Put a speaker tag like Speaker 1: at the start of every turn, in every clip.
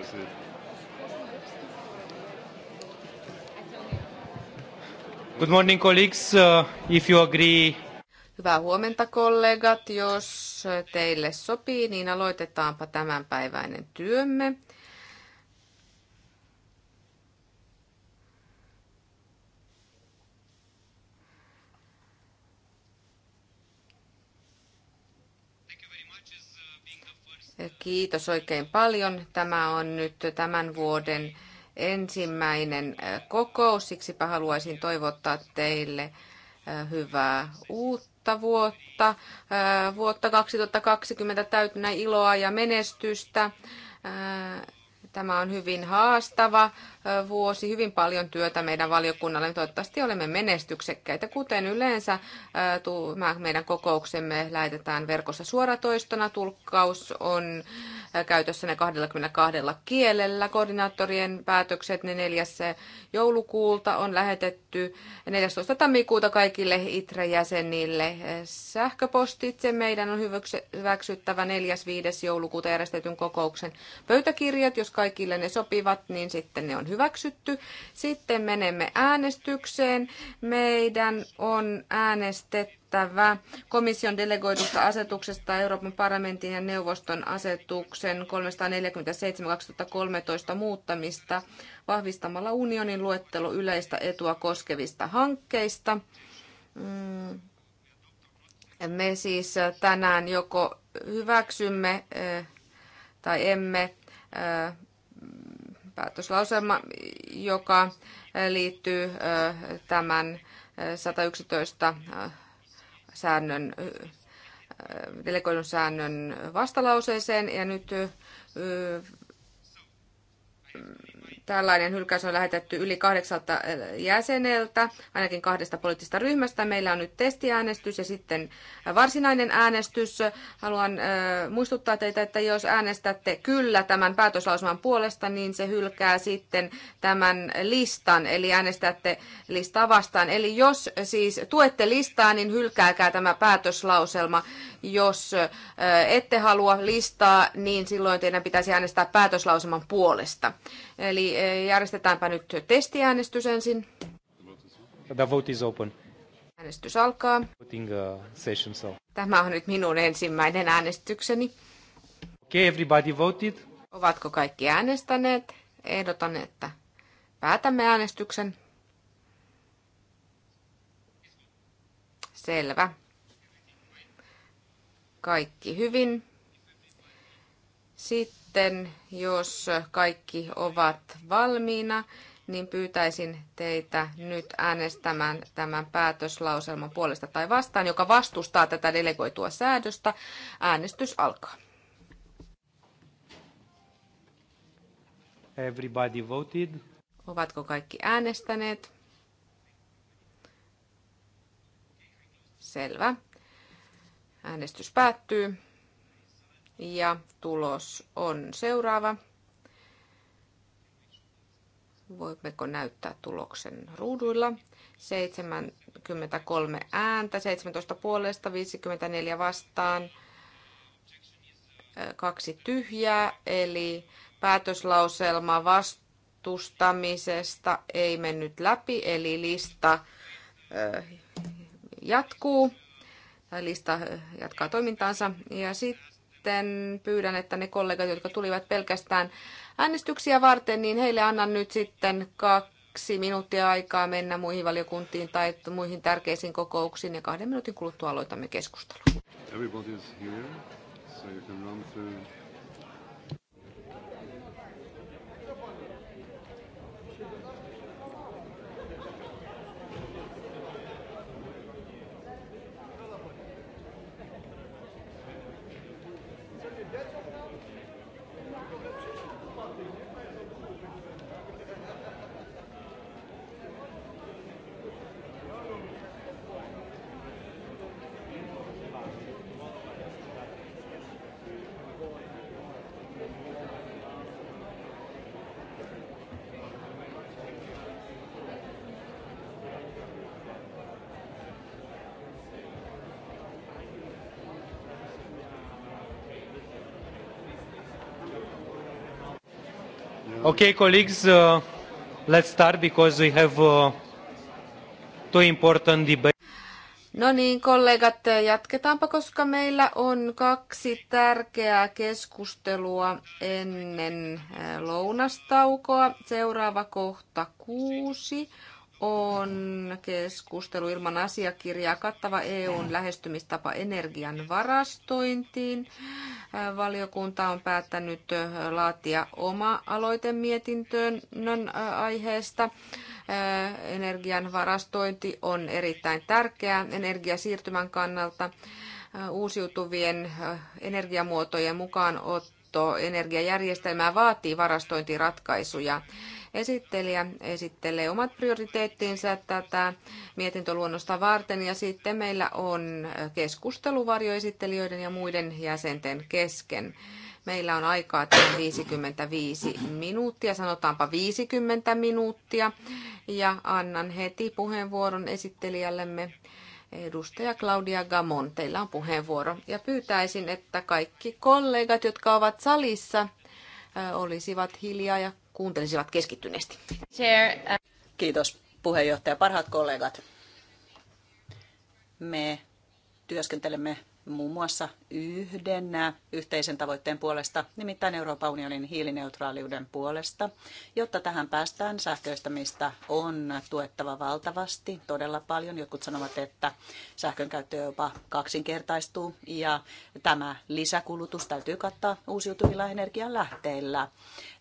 Speaker 1: Präsident. Good morning, colleagues. Uh, if you agree.
Speaker 2: Hyvää huomenta, kollegat. Jos teille sopii, niin aloitetaanpa tämänpäiväinen työmme. Kiitos oikein paljon. Tämä on nyt tämän vuoden ensimmäinen kokous. Siksipä haluaisin toivottaa teille hyvää uutta vuotta. Vuotta 2020 täytynä iloa ja menestystä Tämä on hyvin haastava vuosi, hyvin paljon työtä meidän valiokunnalle. Toivottavasti olemme menestyksekkäitä. Kuten yleensä, meidän kokouksemme lähetetään verkossa suoratoistona. Tulkkaus on käytössä ne 22 kielellä. Koordinaattorien päätökset ne 4. joulukuulta on lähetetty 14. tammikuuta kaikille ITRE-jäsenille sähköpostitse. Meidän on hyväksyttävä 4. 5. joulukuuta järjestetyn kokouksen pöytäkirjat. Jos kaikille ne sopivat, niin sitten ne on hyväksytty. Sitten menemme äänestykseen. Meidän on äänestetty päätettävä komission delegoidusta asetuksesta Euroopan parlamentin ja neuvoston asetuksen 347-2013 muuttamista vahvistamalla unionin luettelo yleistä etua koskevista hankkeista. Mm. Me siis tänään joko hyväksymme eh, tai emme eh, päätöslauselma, joka liittyy eh, tämän 111 säännön, delegoidun säännön vastalauseeseen ja nyt Tällainen hylkäys on lähetetty yli kahdeksalta äh, jäseneltä, ainakin kahdesta poliittisesta ryhmästä. Meillä on nyt testiäänestys ja sitten varsinainen äänestys. Haluan äh, muistuttaa teitä, että jos äänestätte kyllä tämän päätöslausuman puolesta, niin se hylkää sitten tämän listan, eli äänestätte listaa vastaan. Eli jos siis tuette listaa, niin hylkääkää tämä päätöslauselma. Jos ette halua listaa, niin silloin teidän pitäisi äänestää päätöslauseman puolesta. Eli järjestetäänpä nyt testiäänestys ensin.
Speaker 1: The vote is open.
Speaker 2: Äänestys alkaa.
Speaker 1: Uh, session, so.
Speaker 2: Tämä on nyt minun ensimmäinen äänestykseni.
Speaker 1: Okay, everybody voted.
Speaker 2: Ovatko kaikki äänestäneet? Ehdotan, että päätämme äänestyksen. Selvä kaikki hyvin. Sitten, jos kaikki ovat valmiina, niin pyytäisin teitä nyt äänestämään tämän päätöslauselman puolesta tai vastaan, joka vastustaa tätä delegoitua säädöstä. Äänestys alkaa.
Speaker 1: Everybody voted.
Speaker 2: Ovatko kaikki äänestäneet? Selvä. Äänestys päättyy. Ja tulos on seuraava. Voimmeko näyttää tuloksen ruuduilla? 73 ääntä, 17 puolesta, 54 vastaan, kaksi tyhjää, eli päätöslauselma vastustamisesta ei mennyt läpi, eli lista jatkuu lista jatkaa toimintaansa. Ja sitten pyydän, että ne kollegat, jotka tulivat pelkästään äänestyksiä varten, niin heille annan nyt sitten kaksi minuuttia aikaa mennä muihin valiokuntiin tai muihin tärkeisiin kokouksiin. Ja kahden minuutin kuluttua aloitamme keskustelun.
Speaker 1: Okay, colleagues, uh, let's start because we have uh, two important debates.
Speaker 2: No niin, kollegat, jatketaanpa, koska meillä on kaksi tärkeää keskustelua ennen äh, lounastaukoa. Seuraava kohta kuusi on keskustelu ilman asiakirjaa kattava EUn lähestymistapa energian varastointiin. Valiokunta on päättänyt laatia oma aloitemietintöön aiheesta. Energian varastointi on erittäin tärkeää energiasiirtymän kannalta. Uusiutuvien energiamuotojen mukaan otto energiajärjestelmää vaatii varastointiratkaisuja. Esittelijä esittelee omat prioriteettinsa tätä mietintöluonnosta varten ja sitten meillä on keskustelu varjoesittelijöiden ja muiden jäsenten kesken. Meillä on aikaa 55 minuuttia, sanotaanpa 50 minuuttia. Ja annan heti puheenvuoron esittelijällemme edustaja Claudia Gamon. Teillä on puheenvuoro. Ja pyytäisin, että kaikki kollegat, jotka ovat salissa, olisivat hiljaa ja kuuntelisivat keskittyneesti. Chair. Uh, Kiitos
Speaker 3: puheenjohtaja. Parhaat kollegat, me työskentelemme muun muassa yhden yhteisen tavoitteen puolesta, nimittäin Euroopan unionin hiilineutraaliuden puolesta. Jotta tähän päästään, sähköistämistä on tuettava valtavasti, todella paljon. Jotkut sanovat, että sähkön käyttö jopa kaksinkertaistuu ja tämä lisäkulutus täytyy kattaa uusiutuvilla lähteillä.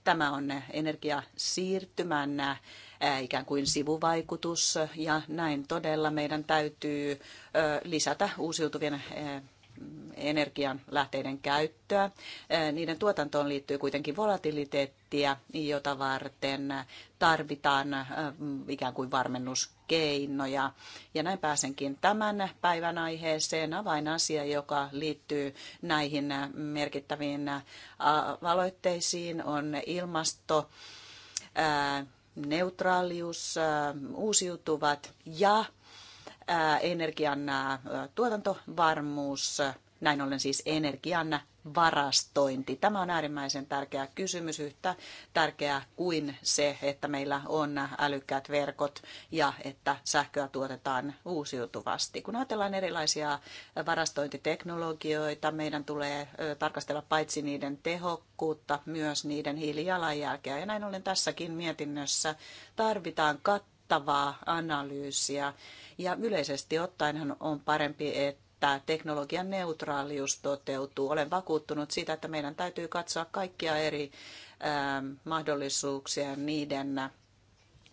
Speaker 3: Tämä on energiasiirtymän ikään kuin sivuvaikutus ja näin todella meidän täytyy lisätä uusiutuvien energian lähteiden käyttöä. Niiden tuotantoon liittyy kuitenkin volatiliteettia, jota varten tarvitaan ikään kuin varmennuskeinoja. Ja näin pääsenkin tämän päivän aiheeseen avainasia, joka liittyy näihin merkittäviin valoitteisiin on ilmasto neutraalius, äh, uusiutuvat ja äh, energian äh, tuotantovarmuus, näin ollen siis energian varastointi. Tämä on äärimmäisen tärkeä kysymys, yhtä tärkeä kuin se, että meillä on älykkäät verkot ja että sähköä tuotetaan uusiutuvasti. Kun ajatellaan erilaisia varastointiteknologioita, meidän tulee tarkastella paitsi niiden tehokkuutta, myös niiden hiilijalanjälkeä. Ja näin ollen tässäkin mietinnössä tarvitaan kattavaa analyysiä. Ja yleisesti ottaenhan on parempi, että että teknologian neutraalius toteutuu. Olen vakuuttunut siitä, että meidän täytyy katsoa kaikkia eri ähm, mahdollisuuksia niiden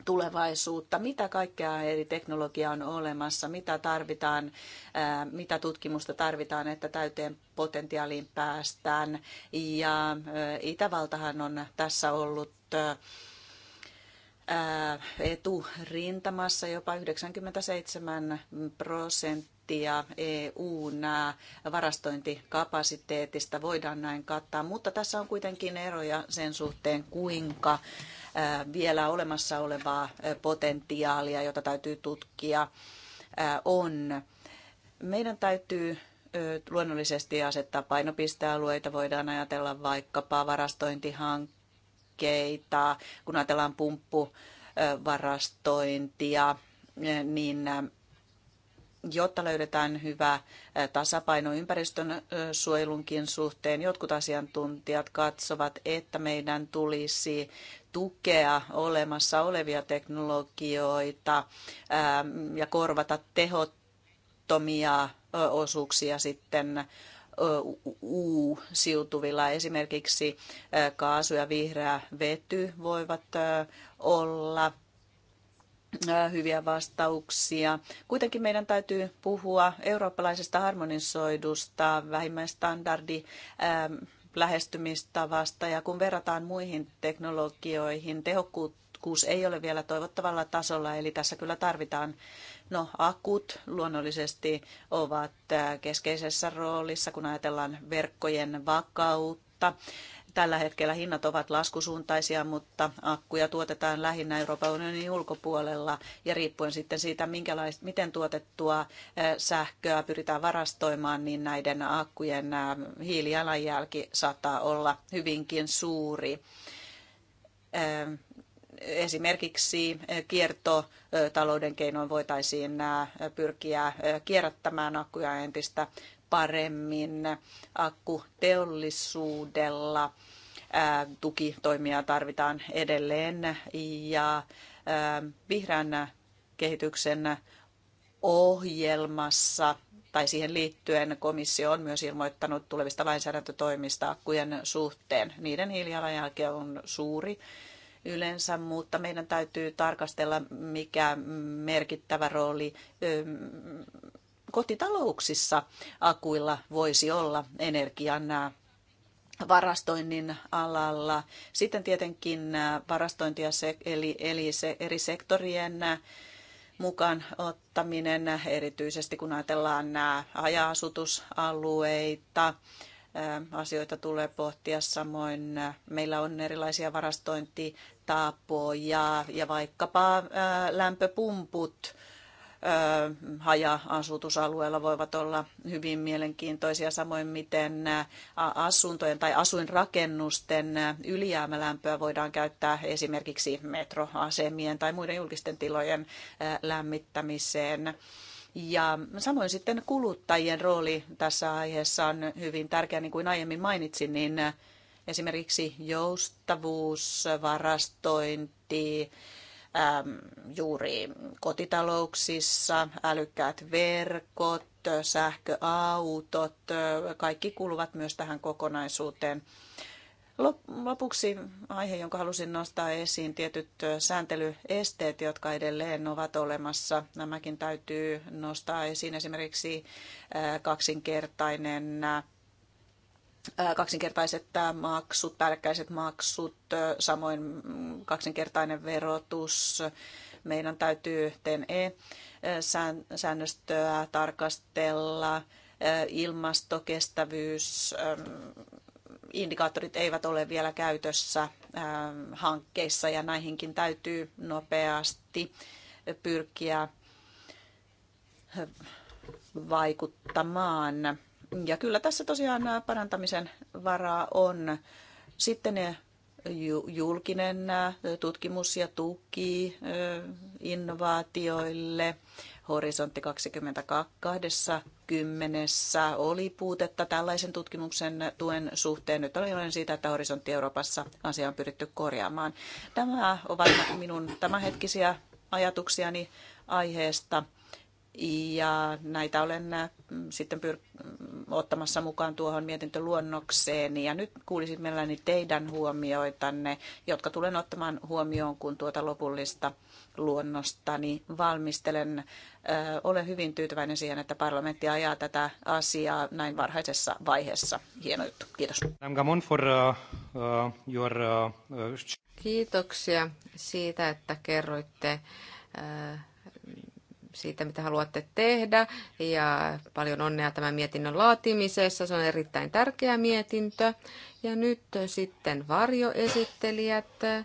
Speaker 3: tulevaisuutta, mitä kaikkea eri teknologiaa on olemassa, mitä tarvitaan, äh, mitä tutkimusta tarvitaan, että täyteen potentiaaliin päästään. Ja äh, Itävaltahan on tässä ollut äh, eturintamassa jopa 97 prosenttia prosenttia EUn varastointikapasiteetista voidaan näin kattaa, mutta tässä on kuitenkin eroja sen suhteen, kuinka vielä olemassa olevaa potentiaalia, jota täytyy tutkia, on. Meidän täytyy luonnollisesti asettaa painopistealueita, voidaan ajatella vaikkapa varastointihankkeita, kun ajatellaan pumppuvarastointia, niin jotta löydetään hyvä tasapaino ympäristön suojelunkin suhteen. Jotkut asiantuntijat katsovat, että meidän tulisi tukea olemassa olevia teknologioita ja korvata tehottomia osuuksia sitten uusiutuvilla. Esimerkiksi kaasu ja vihreä vety voivat olla hyviä vastauksia. Kuitenkin meidän täytyy puhua eurooppalaisesta harmonisoidusta vähimmäistandardi lähestymistavasta ja kun verrataan muihin teknologioihin, tehokkuus ei ole vielä toivottavalla tasolla, eli tässä kyllä tarvitaan No, akut luonnollisesti ovat keskeisessä roolissa, kun ajatellaan verkkojen vakautta Tällä hetkellä hinnat ovat laskusuuntaisia, mutta akkuja tuotetaan lähinnä Euroopan unionin ulkopuolella ja riippuen sitten siitä, miten tuotettua eh, sähköä pyritään varastoimaan, niin näiden akkujen eh, hiilijalanjälki saattaa olla hyvinkin suuri eh, esimerkiksi kiertotalouden keinoin voitaisiin pyrkiä kierrättämään akkuja entistä paremmin akkuteollisuudella. Tukitoimia tarvitaan edelleen ja vihreän kehityksen ohjelmassa tai siihen liittyen komissio on myös ilmoittanut tulevista lainsäädäntötoimista akkujen suhteen. Niiden hiilijalanjälki on suuri yleensä, mutta meidän täytyy tarkastella, mikä merkittävä rooli kotitalouksissa akuilla voisi olla energian varastoinnin alalla. Sitten tietenkin varastointia se, eli, eli se eri sektorien mukaan ottaminen, erityisesti kun ajatellaan nämä haja-asutusalueita, asioita tulee pohtia. Samoin meillä on erilaisia varastointitapoja ja vaikkapa lämpöpumput, haja-asutusalueella voivat olla hyvin mielenkiintoisia, samoin miten asuntojen tai asuinrakennusten ylijäämälämpöä voidaan käyttää esimerkiksi metroasemien tai muiden julkisten tilojen lämmittämiseen. Ja samoin sitten kuluttajien rooli tässä aiheessa on hyvin tärkeä, niin kuin aiemmin mainitsin, niin esimerkiksi joustavuus, varastointi, Ähm, juuri kotitalouksissa, älykkäät verkot, sähköautot, äh, kaikki kuuluvat myös tähän kokonaisuuteen. Lopuksi aihe, jonka halusin nostaa esiin, tietyt äh, sääntelyesteet, jotka edelleen ovat olemassa. Nämäkin täytyy nostaa esiin esimerkiksi äh, kaksinkertainen kaksinkertaiset maksut, päällekkäiset maksut, samoin mm, kaksinkertainen verotus. Meidän täytyy TNE-säännöstöä tarkastella, ilmastokestävyys, indikaattorit eivät ole vielä käytössä hankkeissa ja näihinkin täytyy nopeasti pyrkiä vaikuttamaan ja kyllä tässä tosiaan parantamisen varaa on. Sitten ne julkinen tutkimus ja tuki innovaatioille. Horisontti 2020 oli puutetta tällaisen tutkimuksen tuen suhteen. Nyt olen siitä, että Horisontti Euroopassa asia on pyritty korjaamaan. Tämä ovat minun tämänhetkisiä ajatuksiani aiheesta ja näitä olen mm, sitten pyr- mm, ottamassa mukaan tuohon mietintöluonnokseen. Ja nyt kuulisin mielelläni teidän huomioitanne, jotka tulen ottamaan huomioon, kun tuota lopullista luonnostani niin valmistelen. Olen hyvin tyytyväinen siihen, että parlamentti ajaa tätä asiaa näin varhaisessa vaiheessa. Hieno juttu. Kiitos.
Speaker 2: Kiitoksia siitä, että kerroitte siitä, mitä haluatte tehdä ja paljon onnea tämän mietinnön laatimisessa. Se on erittäin tärkeä mietintö. Ja nyt sitten varjoesittelijät äh,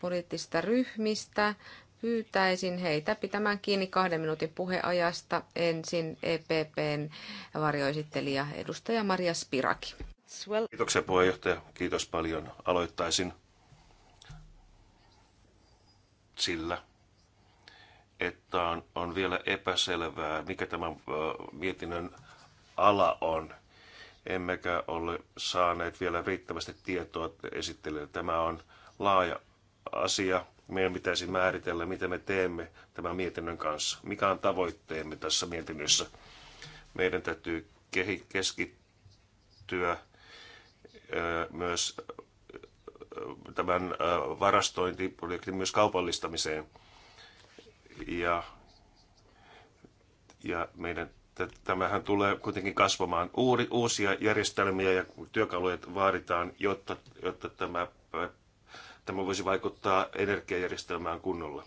Speaker 2: poliittisista ryhmistä. Pyytäisin heitä pitämään kiinni kahden minuutin puheajasta. Ensin EPPn varjoesittelijä edustaja Maria Spiraki.
Speaker 4: Kiitoksia puheenjohtaja. Kiitos paljon. Aloittaisin sillä, että on, on vielä epäselvää, mikä tämän mietinnön ala on. Emmekä ole saaneet vielä riittävästi tietoa esittelijälle. Tämä on laaja asia. Meidän pitäisi määritellä, mitä me teemme tämän mietinnön kanssa. Mikä on tavoitteemme tässä mietinnössä? Meidän täytyy keskittyä myös tämän varastointiprojektin myös kaupallistamiseen – ja, ja meidän, tämähän tulee kuitenkin kasvamaan uuri, uusia järjestelmiä ja työkaluja vaaditaan, jotta, jotta tämä, tämä voisi vaikuttaa energiajärjestelmään kunnolla.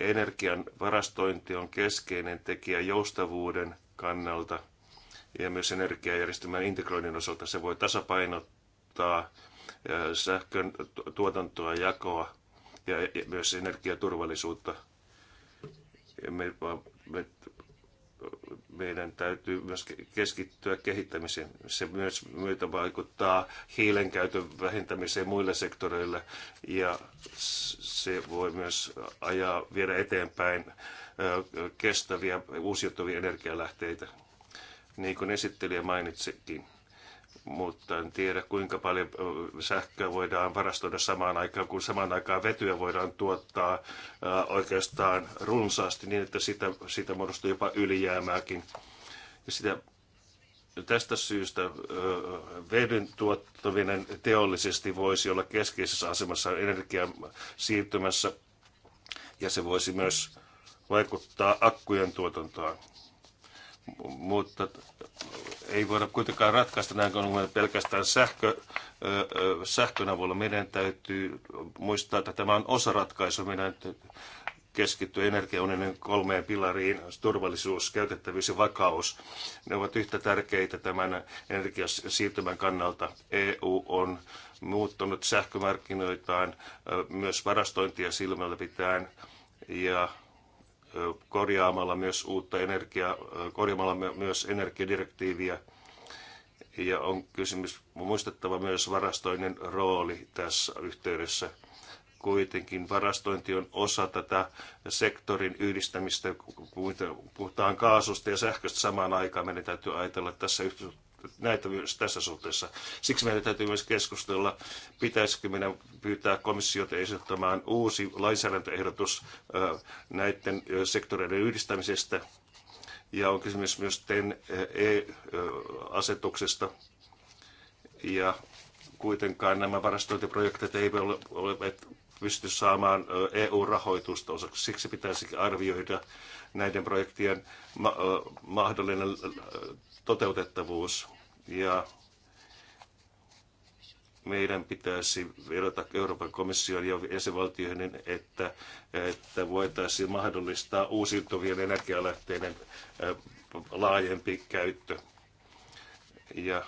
Speaker 4: Energian varastointi on keskeinen tekijä joustavuuden kannalta ja myös energiajärjestelmän integroinnin osalta. Se voi tasapainottaa sähkön tuotantoa, jakoa ja myös energiaturvallisuutta me, me, meidän täytyy myös keskittyä kehittämiseen. Se myös myötä vaikuttaa hiilen käytön vähentämiseen muille sektoreille ja se voi myös ajaa viedä eteenpäin kestäviä uusiutuvia energialähteitä, niin kuin esittelijä mainitsikin mutta en tiedä kuinka paljon sähköä voidaan varastoida samaan aikaan, kun samaan aikaan vetyä voidaan tuottaa oikeastaan runsaasti niin, että sitä, sitä muodostuu jopa ylijäämääkin. Ja sitä, tästä syystä vedyn tuottaminen teollisesti voisi olla keskeisessä asemassa energian siirtymässä ja se voisi myös vaikuttaa akkujen tuotantoon mutta ei voida kuitenkaan ratkaista näin kun pelkästään sähkö, sähkön avulla. Meidän täytyy muistaa, että tämä on osaratkaisu. Meidän keskittyy energiaunionin kolmeen pilariin, turvallisuus, käytettävyys ja vakaus. Ne ovat yhtä tärkeitä tämän energiasiirtymän kannalta. EU on muuttunut sähkömarkkinoitaan myös varastointia silmällä pitäen ja korjaamalla myös uutta energiaa, korjaamalla myös energiadirektiiviä. Ja on kysymys muistettava myös varastoinnin rooli tässä yhteydessä. Kuitenkin varastointi on osa tätä sektorin yhdistämistä. Puhutaan kaasusta ja sähköstä samaan aikaan. Meidän täytyy ajatella tässä näitä myös tässä suhteessa. Siksi meidän täytyy myös keskustella, pitäisikö meidän pyytää komissiota esittämään uusi lainsäädäntöehdotus näiden sektoreiden yhdistämisestä. Ja on kysymys myös TEN-E-asetuksesta. Ja kuitenkaan nämä varastointiprojektit eivät ole, ole pysty saamaan EU-rahoitusta osaksi. Siksi pitäisi arvioida näiden projektien ma- mahdollinen toteutettavuus. Ja meidän pitäisi vedota Euroopan komission ja jäsenvaltioihin, että, että voitaisiin mahdollistaa uusiutuvien energialähteiden laajempi käyttö. Ja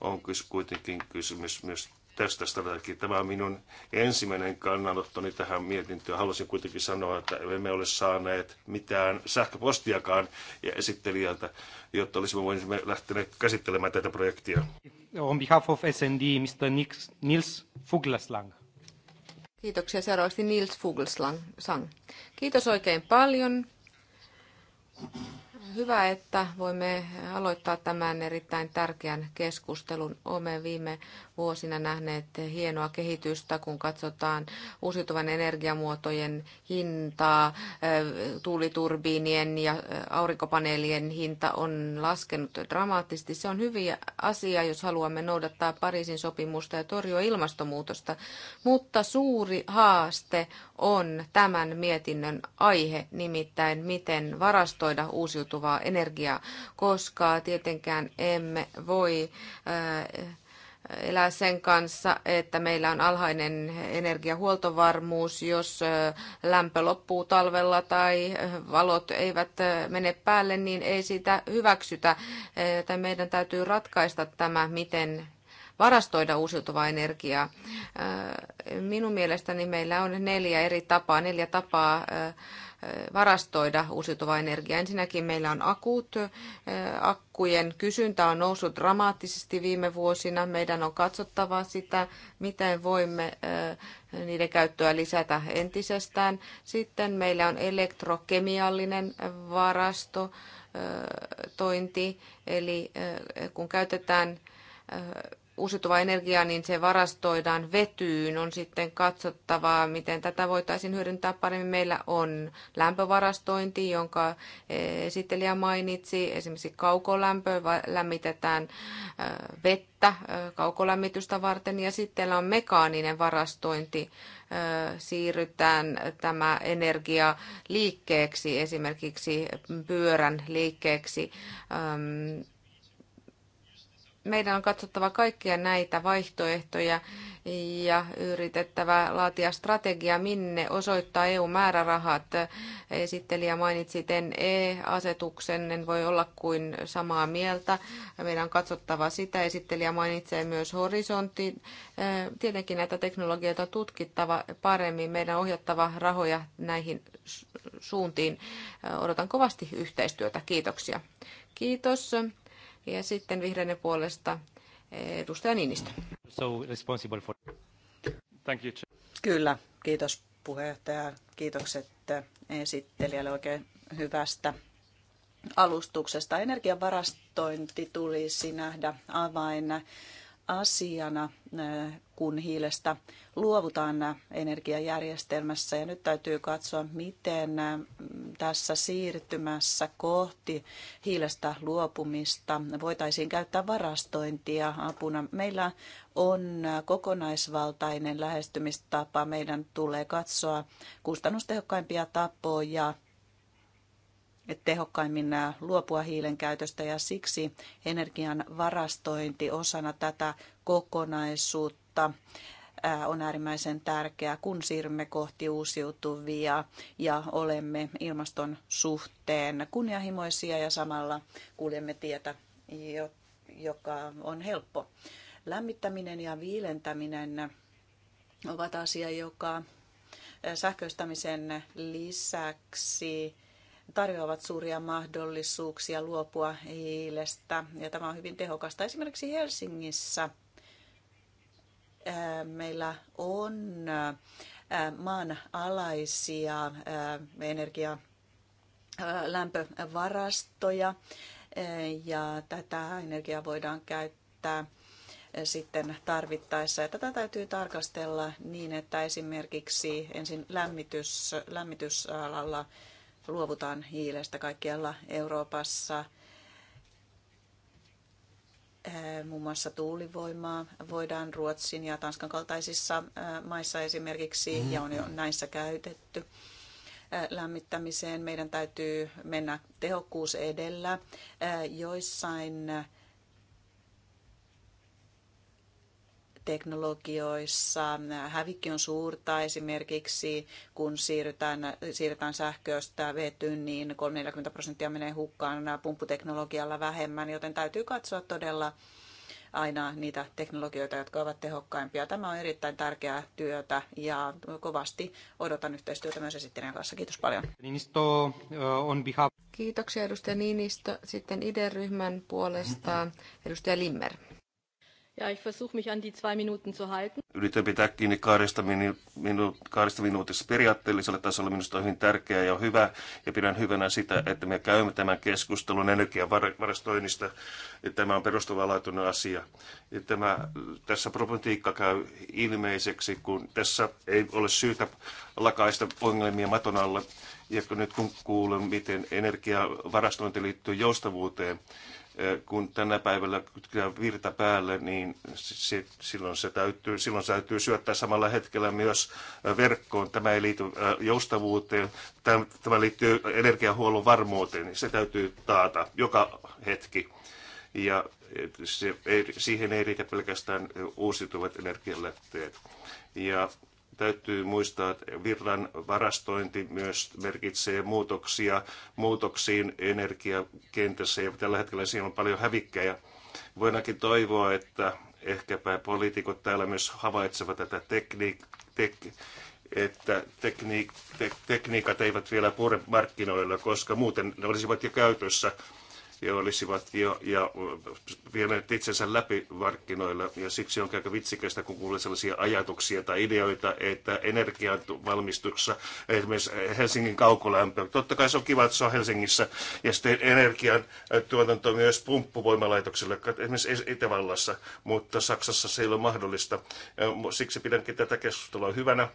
Speaker 4: on kuitenkin kysymys myös tästä strategiaa. Tämä on minun ensimmäinen kannanottoni tähän mietintöön. Haluaisin kuitenkin sanoa, että emme ole saaneet mitään sähköpostiakaan ja esittelijältä, jotta olisimme voineet lähteneet käsittelemään tätä projektia.
Speaker 1: On behalf of SND, Mr. Nils Fuglaslang.
Speaker 2: Kiitoksia. Seuraavaksi Nils Fuglslang. Kiitos oikein paljon. Hyvä, että voimme aloittaa tämän erittäin tärkeän keskustelun. Olemme viime vuosina nähneet hienoa kehitystä, kun katsotaan uusiutuvan energiamuotojen hintaa, tuuliturbiinien ja aurinkopaneelien hinta on laskenut dramaattisesti. Se on hyvä asia, jos haluamme noudattaa Pariisin sopimusta ja torjua ilmastonmuutosta, mutta suuri haaste on tämän mietinnön aihe, nimittäin miten varastoida uusiutuvaa energiaa, koska tietenkään emme voi äh, elää sen kanssa, että meillä on alhainen energiahuoltovarmuus, jos lämpö loppuu talvella tai valot eivät mene päälle, niin ei sitä hyväksytä. Tai meidän täytyy ratkaista tämä, miten varastoida uusiutuvaa energiaa. Minun mielestäni meillä on neljä eri tapaa, neljä tapaa varastoida uusiutuvaa energiaa. Ensinnäkin meillä on akut. Akkujen kysyntä on noussut dramaattisesti viime vuosina. Meidän on katsottava sitä, miten voimme niiden käyttöä lisätä entisestään. Sitten meillä on elektrokemiallinen varasto tointi, eli kun käytetään uusiutuvaa energiaa, niin se varastoidaan vetyyn. On sitten katsottavaa, miten tätä voitaisiin hyödyntää paremmin. Meillä on lämpövarastointi, jonka eh, esittelijä mainitsi. Esimerkiksi kaukolämpö lämmitetään eh, vettä eh, kaukolämmitystä varten. Ja sitten on mekaaninen varastointi. Siirrytään tämä energia liikkeeksi, esimerkiksi pyörän liikkeeksi ehm, meidän on katsottava kaikkia näitä vaihtoehtoja ja yritettävä laatia strategia, minne osoittaa EU-määrärahat. Esittelijä mainitsi tämän E-asetuksen, en voi olla kuin samaa mieltä. Meidän on katsottava sitä. Esittelijä mainitsee myös horisontti. Tietenkin näitä teknologioita on tutkittava paremmin. Meidän on ohjattava rahoja näihin suuntiin. Odotan kovasti yhteistyötä. Kiitoksia. Kiitos. Ja sitten vihreiden puolesta edustaja Niinistö.
Speaker 1: So responsible for... Thank you.
Speaker 2: Kyllä, kiitos puheenjohtaja.
Speaker 3: Kiitokset esittelijälle oikein hyvästä alustuksesta. Energiavarastointi tulisi nähdä avain asiana, eh, kun hiilestä luovutaan energiajärjestelmässä. Ja nyt täytyy katsoa, miten eh, tässä siirtymässä kohti hiilestä luopumista voitaisiin käyttää varastointia apuna. Meillä on kokonaisvaltainen lähestymistapa. Meidän tulee katsoa kustannustehokkaimpia tapoja tehokkaimmin äh, luopua hiilen käytöstä ja siksi energian varastointi osana tätä kokonaisuutta äh, on äärimmäisen tärkeää, kun siirrymme kohti uusiutuvia ja olemme ilmaston suhteen kunnianhimoisia ja samalla kuljemme tietä, joka on helppo. Lämmittäminen ja viilentäminen ovat asia, joka äh, sähköistämisen lisäksi tarjoavat suuria mahdollisuuksia luopua hiilestä. Ja tämä on hyvin tehokasta. Esimerkiksi Helsingissä meillä on maan alaisia energia lämpövarastoja ja tätä energiaa voidaan käyttää sitten tarvittaessa. Ja tätä täytyy tarkastella niin, että esimerkiksi ensin lämmitys, lämmitysalalla luovutaan hiilestä kaikkialla Euroopassa. Muun muassa tuulivoimaa voidaan Ruotsin ja Tanskan kaltaisissa maissa esimerkiksi, mm-hmm. ja on jo näissä käytetty lämmittämiseen. Meidän täytyy mennä tehokkuus edellä. Joissain teknologioissa. Hävikki on suurta esimerkiksi, kun siirrytään, siirrytään sähköstä vetyyn, niin 30 prosenttia menee hukkaan pumpputeknologialla vähemmän, joten täytyy katsoa todella aina niitä teknologioita, jotka ovat tehokkaimpia. Tämä on erittäin tärkeää työtä ja kovasti odotan yhteistyötä myös esittelijän kanssa. Kiitos paljon.
Speaker 2: Niinistö eh, on Kiitoksia edustaja Niinistö. Sitten ID-ryhmän puolesta edustaja Limmer. Ja, ich versuche mich an die zwei Minuten zu halten.
Speaker 4: Yritän pitää kiinni kahdesta, minu, minu, kahdesta minuutista periaatteellisella tasolla. Minusta on hyvin tärkeää ja hyvä, ja pidän hyvänä sitä, että me käymme tämän keskustelun energiavarastoinnista. Tämä on perustavanlaatuinen asia. Ja tämä, tässä problematiikka käy ilmeiseksi, kun tässä ei ole syytä lakaista ongelmia maton alle. Ja kun nyt kun kuulen, miten energiavarastointi liittyy joustavuuteen, kun tänä päivällä virta päälle, niin silloin se täytyy, silloin se täytyy syöttää samalla hetkellä myös verkkoon. Tämä ei liity joustavuuteen, tämä liittyy energiahuollon varmuuteen, niin se täytyy taata joka hetki. Ja se ei, siihen ei riitä pelkästään uusiutuvat energialähteet. Ja täytyy muistaa, että virran varastointi myös merkitsee muutoksia, muutoksiin energiakentässä ja tällä hetkellä siellä on paljon hävikkejä. Voidaankin toivoa, että ehkäpä poliitikot täällä myös havaitsevat tätä tekniik- tek, että tekniik, te, tekniikat eivät vielä pure markkinoilla, koska muuten ne olisivat jo käytössä ja olisivat jo ja vieneet itsensä läpi markkinoilla. Ja siksi on aika vitsikästä, kun kuulee sellaisia ajatuksia tai ideoita, että energian valmistuksessa esimerkiksi Helsingin kaukolämpö, totta kai se on kiva, että se on Helsingissä, ja sitten energian tuotanto myös pumppuvoimalaitokselle, esimerkiksi Itävallassa, mutta Saksassa se ei ole mahdollista. Siksi pidänkin tätä keskustelua hyvänä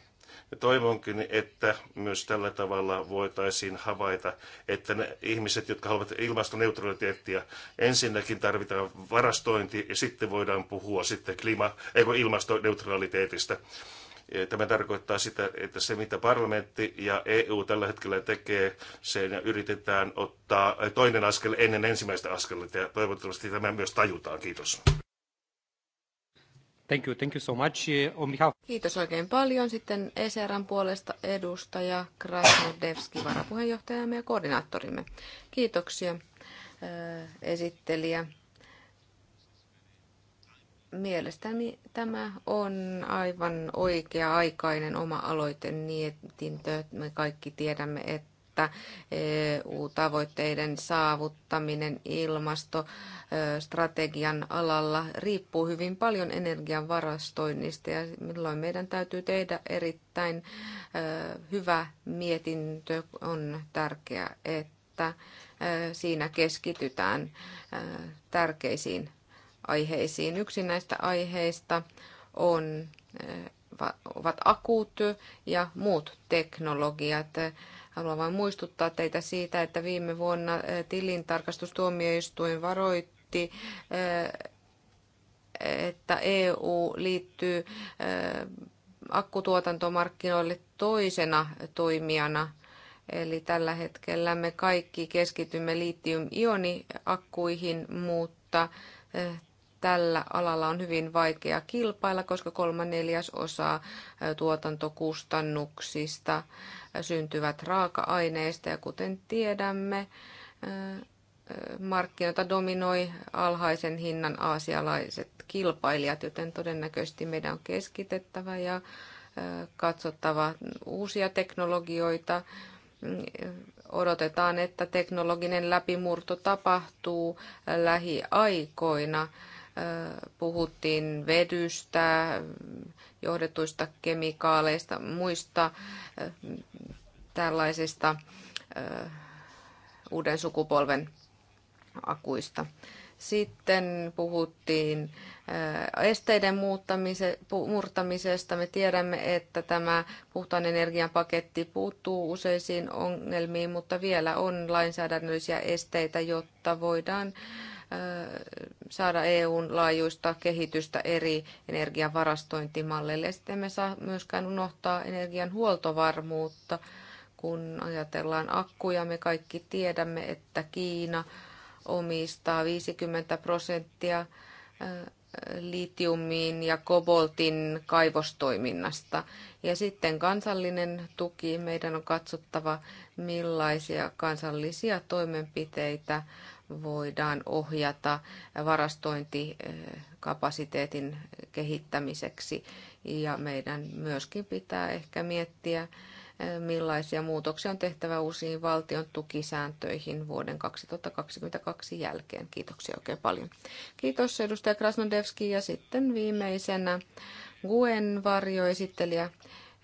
Speaker 4: ja toivonkin, että myös tällä tavalla voitaisiin havaita, että ne ihmiset, jotka haluavat ilmastoneutraliteettia, ensinnäkin tarvitaan varastointi ja sitten voidaan puhua sitten klima, ei ilmastoneutraliteetista. Tämä tarkoittaa sitä, että se mitä parlamentti ja EU tällä hetkellä tekee, sen yritetään ottaa toinen askel ennen ensimmäistä askelta ja toivottavasti tämä myös tajutaan. Kiitos. Thank you, thank you so much. Eh, on behalf...
Speaker 2: Kiitos oikein paljon. Sitten ECRn puolesta edustaja Krasnodevski, varapuheenjohtajamme ja koordinaattorimme. Kiitoksia eh, esittelijä. Mielestäni tämä on aivan oikea-aikainen oma aloite mietintö. Me kaikki tiedämme, että että EU-tavoitteiden saavuttaminen ilmastostrategian alalla riippuu hyvin paljon energian varastoinnista ja milloin meidän täytyy tehdä erittäin e, hyvä mietintö. On tärkeää, että e, siinä keskitytään e, tärkeisiin aiheisiin. Yksi näistä aiheista on, ovat akuut ja muut teknologiat. Haluan vain muistuttaa teitä siitä, että viime vuonna eh, tilintarkastustuomioistuin varoitti eh, että EU liittyy eh, akkutuotantomarkkinoille toisena toimijana. Eli tällä hetkellä me kaikki keskitymme litium-ioniakkuihin, mutta tällä alalla on hyvin vaikea kilpailla, koska kolman neljäs osaa tuotantokustannuksista syntyvät raaka-aineista. Ja kuten tiedämme, markkinoita dominoi alhaisen hinnan aasialaiset kilpailijat, joten todennäköisesti meidän on keskitettävä ja katsottava uusia teknologioita. Odotetaan, että teknologinen läpimurto tapahtuu lähiaikoina puhuttiin vedystä, johdetuista kemikaaleista, muista tällaisista uuden sukupolven akuista. Sitten puhuttiin esteiden murtamisesta. Me tiedämme, että tämä puhtaan energian paketti puuttuu useisiin ongelmiin, mutta vielä on lainsäädännöllisiä esteitä, jotta voidaan saada EUn laajuista kehitystä eri energian varastointimalleille. sitten emme saa myöskään unohtaa energian huoltovarmuutta. Kun ajatellaan akkuja, me kaikki tiedämme, että Kiina omistaa 50 prosenttia litiumiin ja koboltin kaivostoiminnasta. Ja sitten kansallinen tuki. Meidän on katsottava, millaisia kansallisia toimenpiteitä voidaan ohjata varastointikapasiteetin kehittämiseksi. Ja meidän myöskin pitää ehkä miettiä, millaisia muutoksia on tehtävä uusiin valtion tukisääntöihin vuoden 2022 jälkeen. Kiitoksia oikein paljon. Kiitos edustaja Krasnodevski ja sitten viimeisenä Guen varjoesittelijä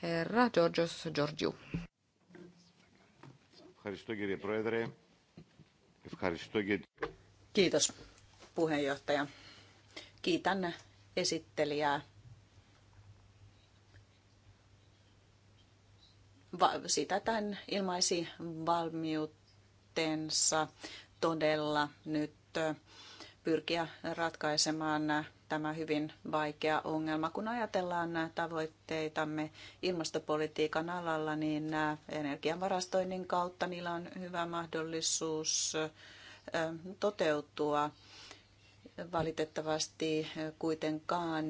Speaker 2: herra Georgios Georgiou.
Speaker 4: Ευχαριστώ κύριε Πρόεδρε.
Speaker 3: Kiitos puheenjohtaja. Kiitän esittelijää sitä tämän ilmaisi valmiutensa todella nyt pyrkiä ratkaisemaan tämä hyvin vaikea ongelma. Kun ajatellaan tavoitteitamme ilmastopolitiikan alalla, niin energian energianvarastoinnin kautta niillä on hyvä mahdollisuus toteutua. Valitettavasti kuitenkaan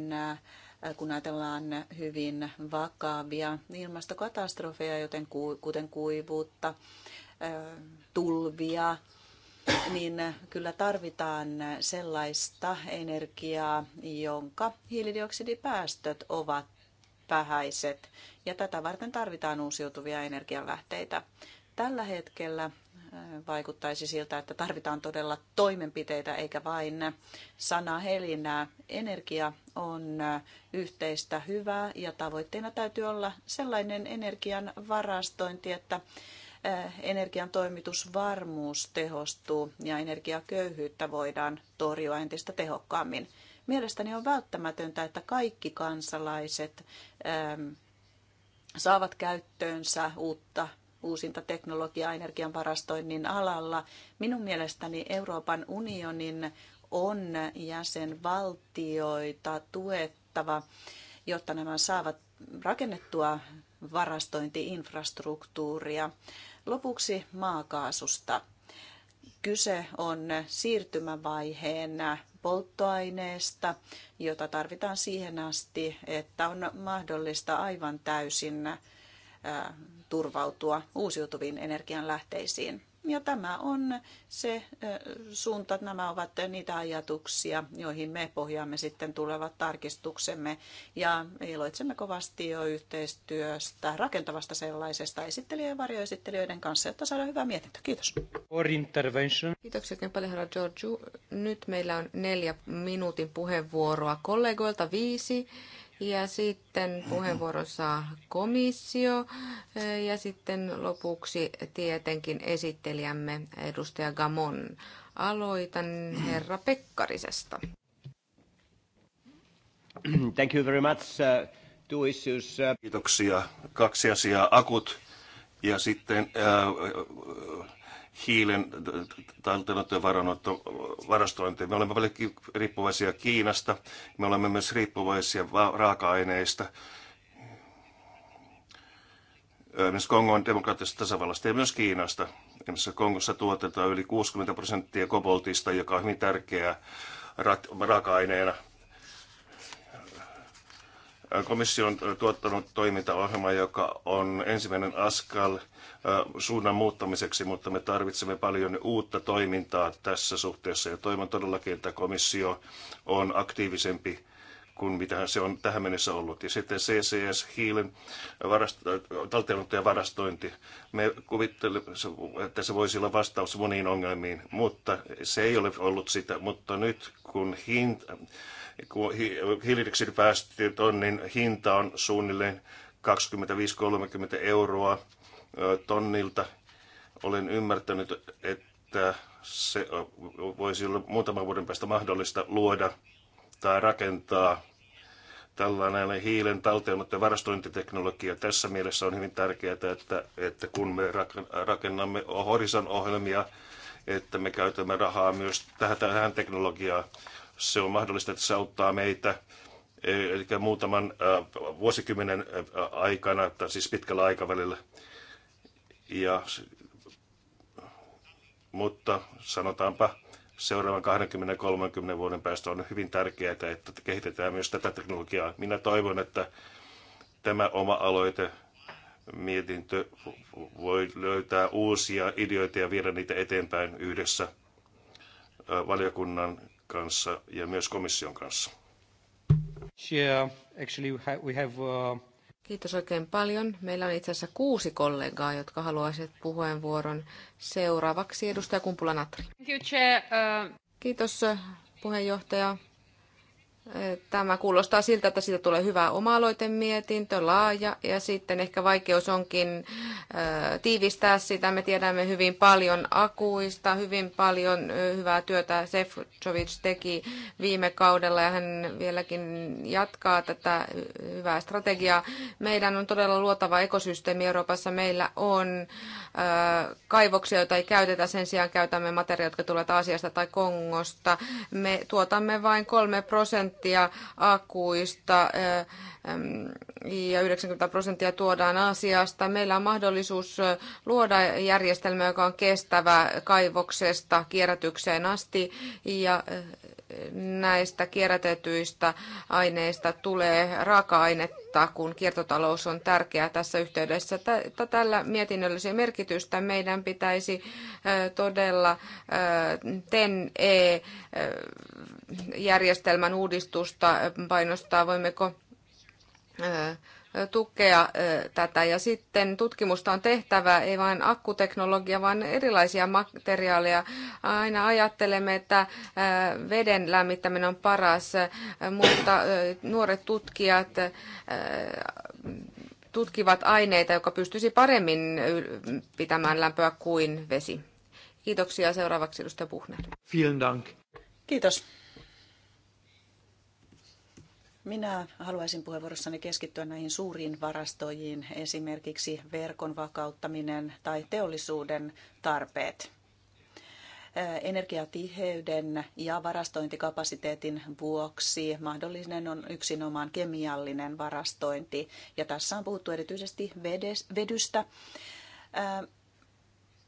Speaker 3: kun ajatellaan hyvin vakavia ilmastokatastrofeja, joten kuten kuivuutta, tulvia, niin kyllä tarvitaan sellaista energiaa, jonka hiilidioksidipäästöt ovat vähäiset. Ja tätä varten tarvitaan uusiutuvia energialähteitä. Tällä hetkellä äh, vaikuttaisi siltä, että tarvitaan todella toimenpiteitä eikä vain sana helinää. Energia on äh, yhteistä hyvää ja tavoitteena täytyy olla sellainen energian varastointi, että Äh, energian toimitusvarmuus tehostuu ja energiaköyhyyttä voidaan torjua entistä tehokkaammin. Mielestäni on välttämätöntä, että kaikki kansalaiset ähm, saavat käyttöönsä uutta uusinta teknologiaa energian varastoinnin alalla. Minun mielestäni Euroopan unionin on jäsenvaltioita tuettava, jotta nämä saavat rakennettua varastointiinfrastruktuuria. Lopuksi maakaasusta. Kyse on siirtymävaiheen polttoaineesta, jota tarvitaan siihen asti, että on mahdollista aivan täysin turvautua uusiutuviin energianlähteisiin. Ja tämä on se suunta, että nämä ovat niitä ajatuksia, joihin me pohjaamme sitten tulevat tarkistuksemme. Ja iloitsemme kovasti jo yhteistyöstä, rakentavasta sellaisesta esittelijä- ja
Speaker 2: varjoesittelijöiden kanssa, jotta saadaan hyvä mietintö.
Speaker 1: Kiitos. Or intervention.
Speaker 2: Kiitoksia oikein paljon, herra Giorgio. Nyt meillä on neljä minuutin puheenvuoroa kollegoilta, viisi ja sitten puheenvuorossa saa komissio ja sitten lopuksi tietenkin esittelijämme edustaja Gamon. Aloitan herra
Speaker 4: Pekkarisesta. Thank you very much. Uh, two issues. Uh, Kiitoksia. Kaksi asiaa. Akut ja sitten äh, hiilen talteenotto ja varastointi. Me olemme paljon riippuvaisia Kiinasta, me olemme myös riippuvaisia raaka-aineista, myös Kongon demokraattisesta tasavallasta ja myös Kiinasta. Esimerkiksi Kongossa tuotetaan yli 60 prosenttia koboltista, joka on hyvin tärkeää raaka-aineena – Komissio on tuottanut toimintaohjelma, joka on ensimmäinen askel suunnan muuttamiseksi, mutta me tarvitsemme paljon uutta toimintaa tässä suhteessa. Ja toivon todellakin, että komissio on aktiivisempi kuin mitä se on tähän mennessä ollut. Ja sitten CCS, hiilen varast- talteenotto ja varastointi. Me kuvittelemme, että se voisi olla vastaus moniin ongelmiin, mutta se ei ole ollut sitä. Mutta nyt kun hinta, hiilidioksidipäästötonnin hinta on suunnilleen 25-30 euroa tonnilta. Olen ymmärtänyt, että se voisi olla muutaman vuoden päästä mahdollista luoda tai rakentaa tällainen hiilen talteenotto- ja varastointiteknologia. Tässä mielessä on hyvin tärkeää, että, että kun me rakennamme Horisan ohjelmia, että me käytämme rahaa myös tähän, tähän teknologiaan. Se on mahdollista, että se auttaa meitä e, eli muutaman vuosikymmenen aikana, tai siis pitkällä aikavälillä. Ja, mutta sanotaanpa, seuraavan 20-30 vuoden päästä on hyvin tärkeää, että kehitetään myös tätä teknologiaa. Minä toivon, että tämä oma aloite mietintö voi löytää uusia ideoita ja viedä niitä eteenpäin yhdessä valiokunnan kanssa ja myös komission kanssa.
Speaker 1: Uh,
Speaker 2: Kiitos oikein paljon. Meillä on itse asiassa kuusi kollegaa, jotka haluaisivat puheenvuoron. Seuraavaksi edustaja Kumpula-Natri. Uh, Kiitos puheenjohtaja. Tämä kuulostaa siltä, että siitä tulee hyvä oma-aloitemietintö, laaja, ja sitten ehkä vaikeus onkin tiivistää sitä. Me tiedämme hyvin paljon akuista, hyvin paljon hyvää työtä Sefcovic teki viime kaudella, ja hän vieläkin jatkaa tätä hyvää strategiaa. Meidän on todella luotava ekosysteemi Euroopassa. Meillä on kaivoksia, joita ei käytetä. Sen sijaan käytämme materiaalit, jotka tulevat Aasiasta tai Kongosta. Me tuotamme vain kolme prosenttia prosenttia akuista eh, ja 90 prosenttia tuodaan Aasiasta. Meillä on mahdollisuus eh, luoda järjestelmä, joka on kestävä kaivoksesta kierrätykseen asti ja eh, näistä kierrätetyistä aineista tulee raaka-ainetta, kun kiertotalous on tärkeä tässä yhteydessä. Tällä mietinnöllä merkitystä meidän pitäisi todella TEN-E-järjestelmän uudistusta painostaa. Voimmeko tukea tätä. Ja sitten tutkimusta on tehtävä, ei vain akkuteknologia, vaan erilaisia materiaaleja. Aina ajattelemme, että veden lämmittäminen on paras, mutta nuoret tutkijat tutkivat aineita, joka pystyisi paremmin pitämään lämpöä kuin vesi. Kiitoksia. Seuraavaksi edustaja Puhner. Vielen Dank. Kiitos. Minä
Speaker 3: haluaisin puheenvuorossani keskittyä näihin suuriin varastoihin, esimerkiksi verkon vakauttaminen tai teollisuuden tarpeet. Energiatiheyden ja varastointikapasiteetin vuoksi mahdollinen on yksinomaan kemiallinen varastointi. Ja tässä on puhuttu erityisesti vedestä, vedystä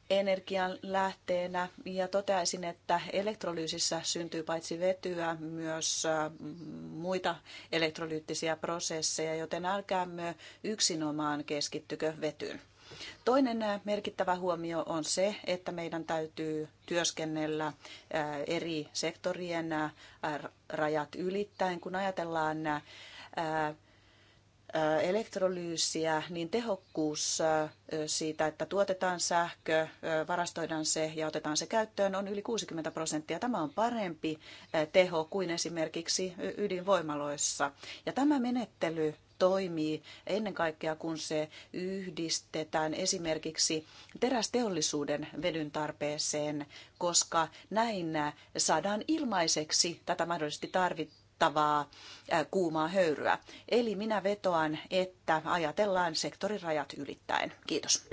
Speaker 3: energian lähteenä ja toteaisin, että elektrolyysissä syntyy paitsi vetyä myös äh, muita elektrolyyttisiä prosesseja, joten älkäämme yksinomaan keskittykö vetyyn. Toinen äh, merkittävä huomio on se, että meidän täytyy työskennellä äh, eri sektorien rajat ylittäen, kun ajatellaan elektrolyysiä, niin tehokkuus siitä, että tuotetaan sähkö, varastoidaan se ja otetaan se käyttöön, on yli 60 prosenttia. Tämä on parempi teho kuin esimerkiksi ydinvoimaloissa. Ja tämä menettely toimii ennen kaikkea, kun se yhdistetään esimerkiksi terästeollisuuden vedyn tarpeeseen, koska näin saadaan ilmaiseksi tätä mahdollisesti tarvittavaa kattavaa kuumaa höyryä. Eli minä vetoan, että ajatellaan sektorirajat ylittäen. Kiitos.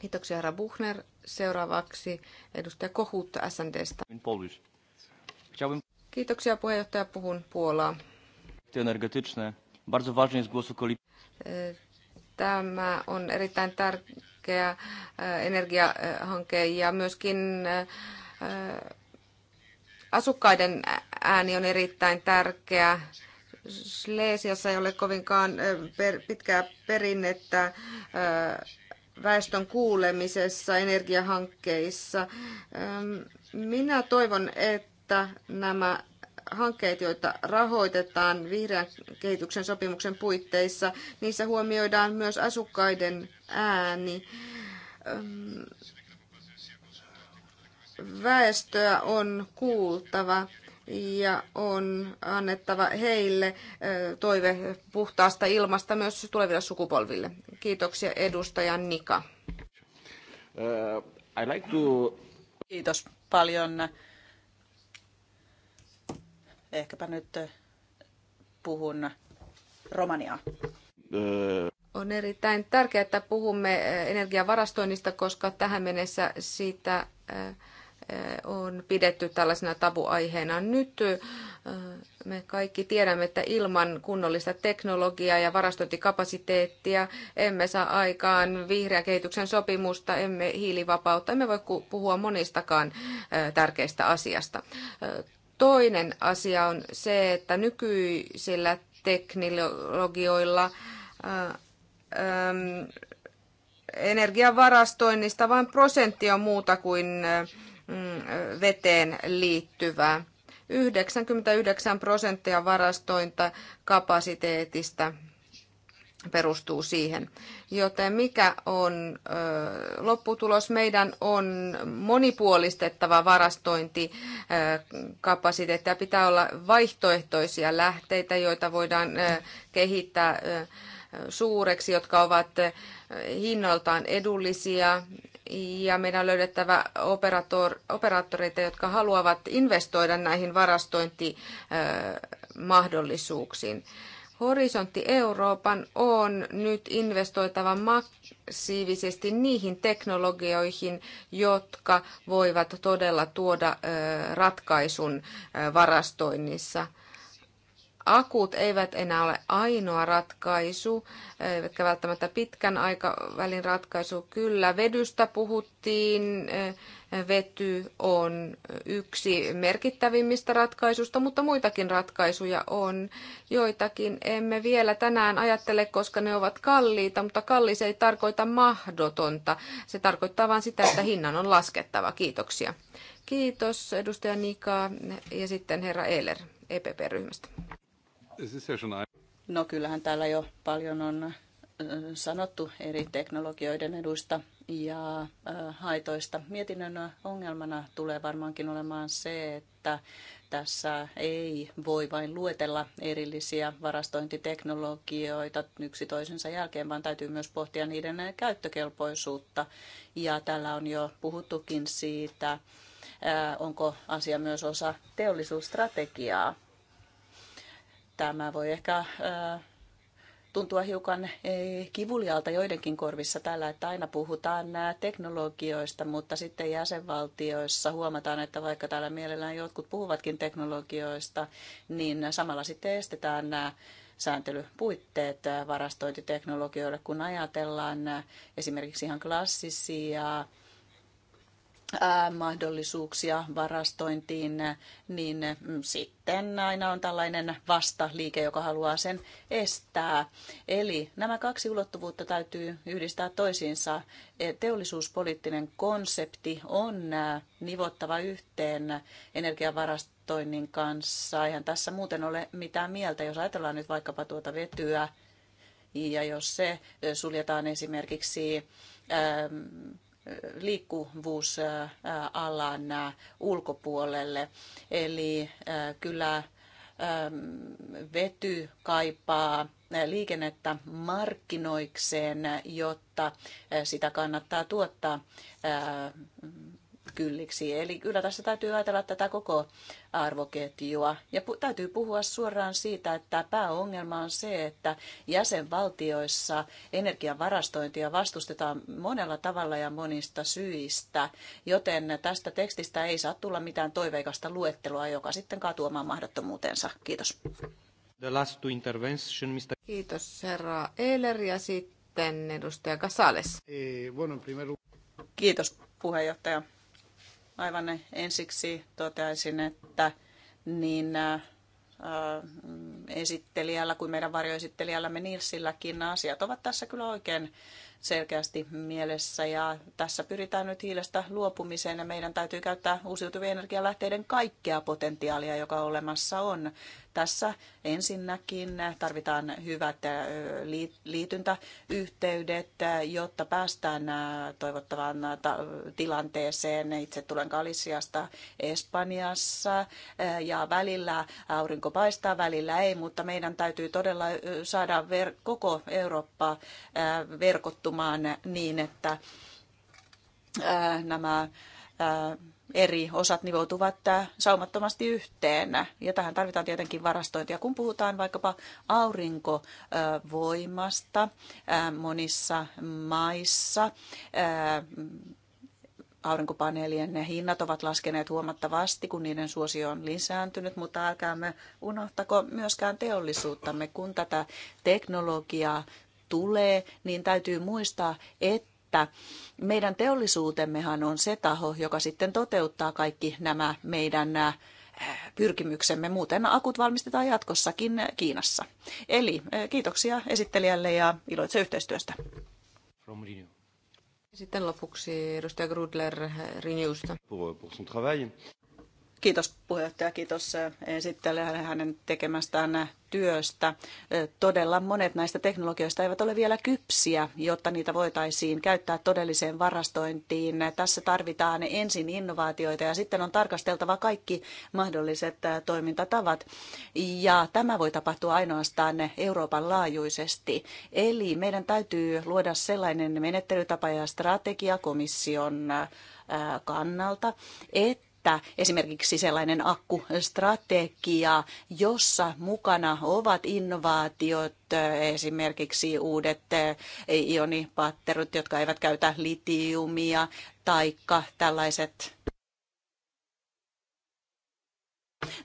Speaker 2: Kiitoksia herra Buchner. Seuraavaksi edustaja Kohuutta SNDstä. Kiitoksia puheenjohtaja. Puhun Puolaa. Tämä on erittäin tärkeä energiahanke ja myöskin Asukkaiden ääni on erittäin tärkeä. Slesiassa ei ole kovinkaan pitkää perinnettä väestön kuulemisessa, energiahankkeissa. Minä toivon, että nämä hankkeet, joita rahoitetaan vihreän kehityksen sopimuksen puitteissa, niissä huomioidaan myös asukkaiden ääni väestöä on kuultava ja on annettava heille toive puhtaasta ilmasta myös tuleville sukupolville. Kiitoksia edustaja Nika.
Speaker 3: Uh, I like to... Kiitos paljon. Ehkäpä nyt puhun
Speaker 2: romaniaa. Uh... On erittäin tärkeää, että puhumme energiavarastoinnista, koska tähän mennessä siitä uh, Eh, on pidetty tällaisena tabuaiheena. Nyt eh, me kaikki tiedämme, että ilman kunnollista teknologiaa ja varastointikapasiteettia emme saa aikaan vihreän kehityksen sopimusta, emme hiilivapautta, emme voi puhua monistakaan eh, tärkeistä asiasta. Toinen asia on se, että nykyisillä teknologioilla energiavarastoinnista vain prosentti on muuta kuin Mm, veteen liittyvää. 99 prosenttia varastointa kapasiteetista perustuu siihen. Joten mikä on ö, lopputulos? Meidän on monipuolistettava varastointi kapasiteettia. Pitää olla vaihtoehtoisia lähteitä, joita voidaan ö, kehittää ö, suureksi, jotka ovat hinnaltaan hinnoiltaan edullisia ja meidän on löydettävä operator, operaattoreita, jotka haluavat investoida näihin varastointimahdollisuuksiin. Horisontti Euroopan on nyt investoitava massiivisesti niihin teknologioihin, jotka voivat todella tuoda ratkaisun varastoinnissa – akut eivät enää ole ainoa ratkaisu, eivätkä välttämättä pitkän aikavälin ratkaisu. Kyllä, vedystä puhuttiin, vety on yksi merkittävimmistä ratkaisusta, mutta muitakin ratkaisuja on. Joitakin emme vielä tänään ajattele, koska ne ovat kalliita, mutta kallis ei tarkoita mahdotonta. Se tarkoittaa vain sitä, että hinnan on laskettava. Kiitoksia. Kiitos edustaja Nika ja sitten herra Eler EPP-ryhmästä.
Speaker 3: No kyllähän täällä jo paljon on äh, sanottu eri teknologioiden eduista ja äh, haitoista. Mietinnön ongelmana tulee varmaankin olemaan se, että tässä ei voi vain luetella erillisiä varastointiteknologioita yksi toisensa jälkeen, vaan täytyy myös pohtia niiden äh, käyttökelpoisuutta. Ja täällä on jo puhuttukin siitä, onko asia myös osa teollisuusstrategiaa Tämä voi ehkä tuntua hiukan kivulialta joidenkin korvissa tällä, että aina puhutaan teknologioista, mutta sitten jäsenvaltioissa huomataan, että vaikka täällä mielellään jotkut puhuvatkin teknologioista, niin samalla sitten estetään nämä sääntelypuitteet varastointiteknologioille, kun ajatellaan esimerkiksi ihan klassisia mahdollisuuksia varastointiin, niin mm, sitten aina on tällainen vastaliike, joka haluaa sen estää. Eli nämä kaksi ulottuvuutta täytyy yhdistää toisiinsa. E, teollisuuspoliittinen konsepti on nivottava yhteen energiavarastoinnin kanssa. Eihän tässä muuten ole mitään mieltä, jos ajatellaan nyt vaikkapa tuota vetyä, ja jos se suljetaan esimerkiksi liikkuvuusalan äh, ulkopuolelle. Eli äh, kyllä ähm, vety kaipaa äh, liikennettä markkinoikseen, jotta sitä kannattaa tuottaa kylliksi. Eli kyllä tässä täytyy ajatella tätä koko arvoketjua. Ja pu- täytyy puhua suoraan siitä, että pääongelma on se, että jäsenvaltioissa energian varastointia vastustetaan monella tavalla ja monista syistä, joten tästä tekstistä ei saa tulla mitään toiveikasta luettelua, joka sitten katuomaan mahdottomuutensa. Kiitos.
Speaker 2: The last two intervention, Mr. Kiitos herra Eiler ja sitten edustaja Casales. Eh,
Speaker 1: bueno,
Speaker 3: Kiitos puheenjohtaja aivan ensiksi toteaisin, että niin äh, äh, esittelijällä kuin meidän varjoesittelijällämme Nilsilläkin niin asiat ovat tässä kyllä oikein selkeästi mielessä ja tässä pyritään nyt hiilestä luopumiseen ja meidän täytyy käyttää uusiutuvien energialähteiden kaikkea potentiaalia, joka olemassa on. Tässä ensinnäkin tarvitaan hyvät liityntäyhteydet, jotta päästään toivottavaan tilanteeseen. Itse tulen Galisiasta Espanjassa ja välillä aurinko paistaa, välillä ei, mutta meidän täytyy todella saada koko Eurooppa verkottumaan niin, että nämä eri osat nivoutuvat äh, saumattomasti yhteen. Ja tähän tarvitaan tietenkin varastointia. Kun puhutaan vaikkapa aurinkovoimasta äh, monissa maissa, äh, aurinkopaneelien hinnat ovat laskeneet huomattavasti, kun niiden suosio on lisääntynyt, mutta älkäämme unohtako myöskään teollisuuttamme, kun tätä teknologiaa tulee, niin täytyy muistaa, että että meidän teollisuutemmehan on se taho, joka sitten toteuttaa kaikki nämä meidän äh, pyrkimyksemme. Muuten akut valmistetaan jatkossakin Kiinassa. Eli äh, kiitoksia esittelijälle ja iloitse yhteistyöstä. Sitten lopuksi edustaja Grudler Renewsta. Kiitos puheenjohtaja, kiitos eh, esittelijälle hänen tekemästään työstä. Eh, todella monet näistä teknologioista eivät ole vielä kypsiä, jotta niitä voitaisiin käyttää todelliseen varastointiin. Tässä tarvitaan ensin innovaatioita ja sitten on tarkasteltava kaikki mahdolliset eh, toimintatavat. Ja tämä voi tapahtua ainoastaan Euroopan laajuisesti. Eli meidän täytyy luoda sellainen menettelytapa ja strategia komission kannalta, että että esimerkiksi sellainen akkustrategia, jossa mukana ovat innovaatiot, esimerkiksi uudet ionipatterut, jotka eivät käytä litiumia, taikka tällaiset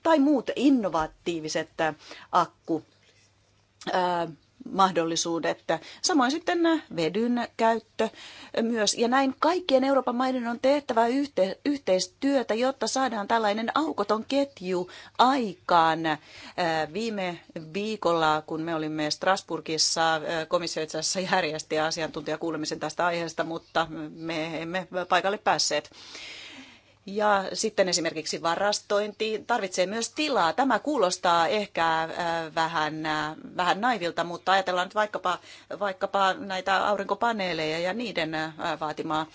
Speaker 3: tai muut innovatiiviset akku mahdollisuudet. Samoin sitten vedyn käyttö myös. Ja näin kaikkien Euroopan maiden on tehtävä yhte- yhteistyötä, jotta saadaan tällainen aukoton ketju aikaan. Äh, viime viikolla, kun me olimme Strasburgissa, äh, komissio itse asiassa järjesti asiantuntijakuulemisen tästä aiheesta, mutta me emme paikalle päässeet ja sitten esimerkiksi varastointi tarvitsee myös tilaa. Tämä kuulostaa ehkä äh, vähän, äh, vähän naivilta, mutta ajatellaan nyt vaikkapa, vaikkapa näitä aurinkopaneeleja ja niiden äh, vaatimaa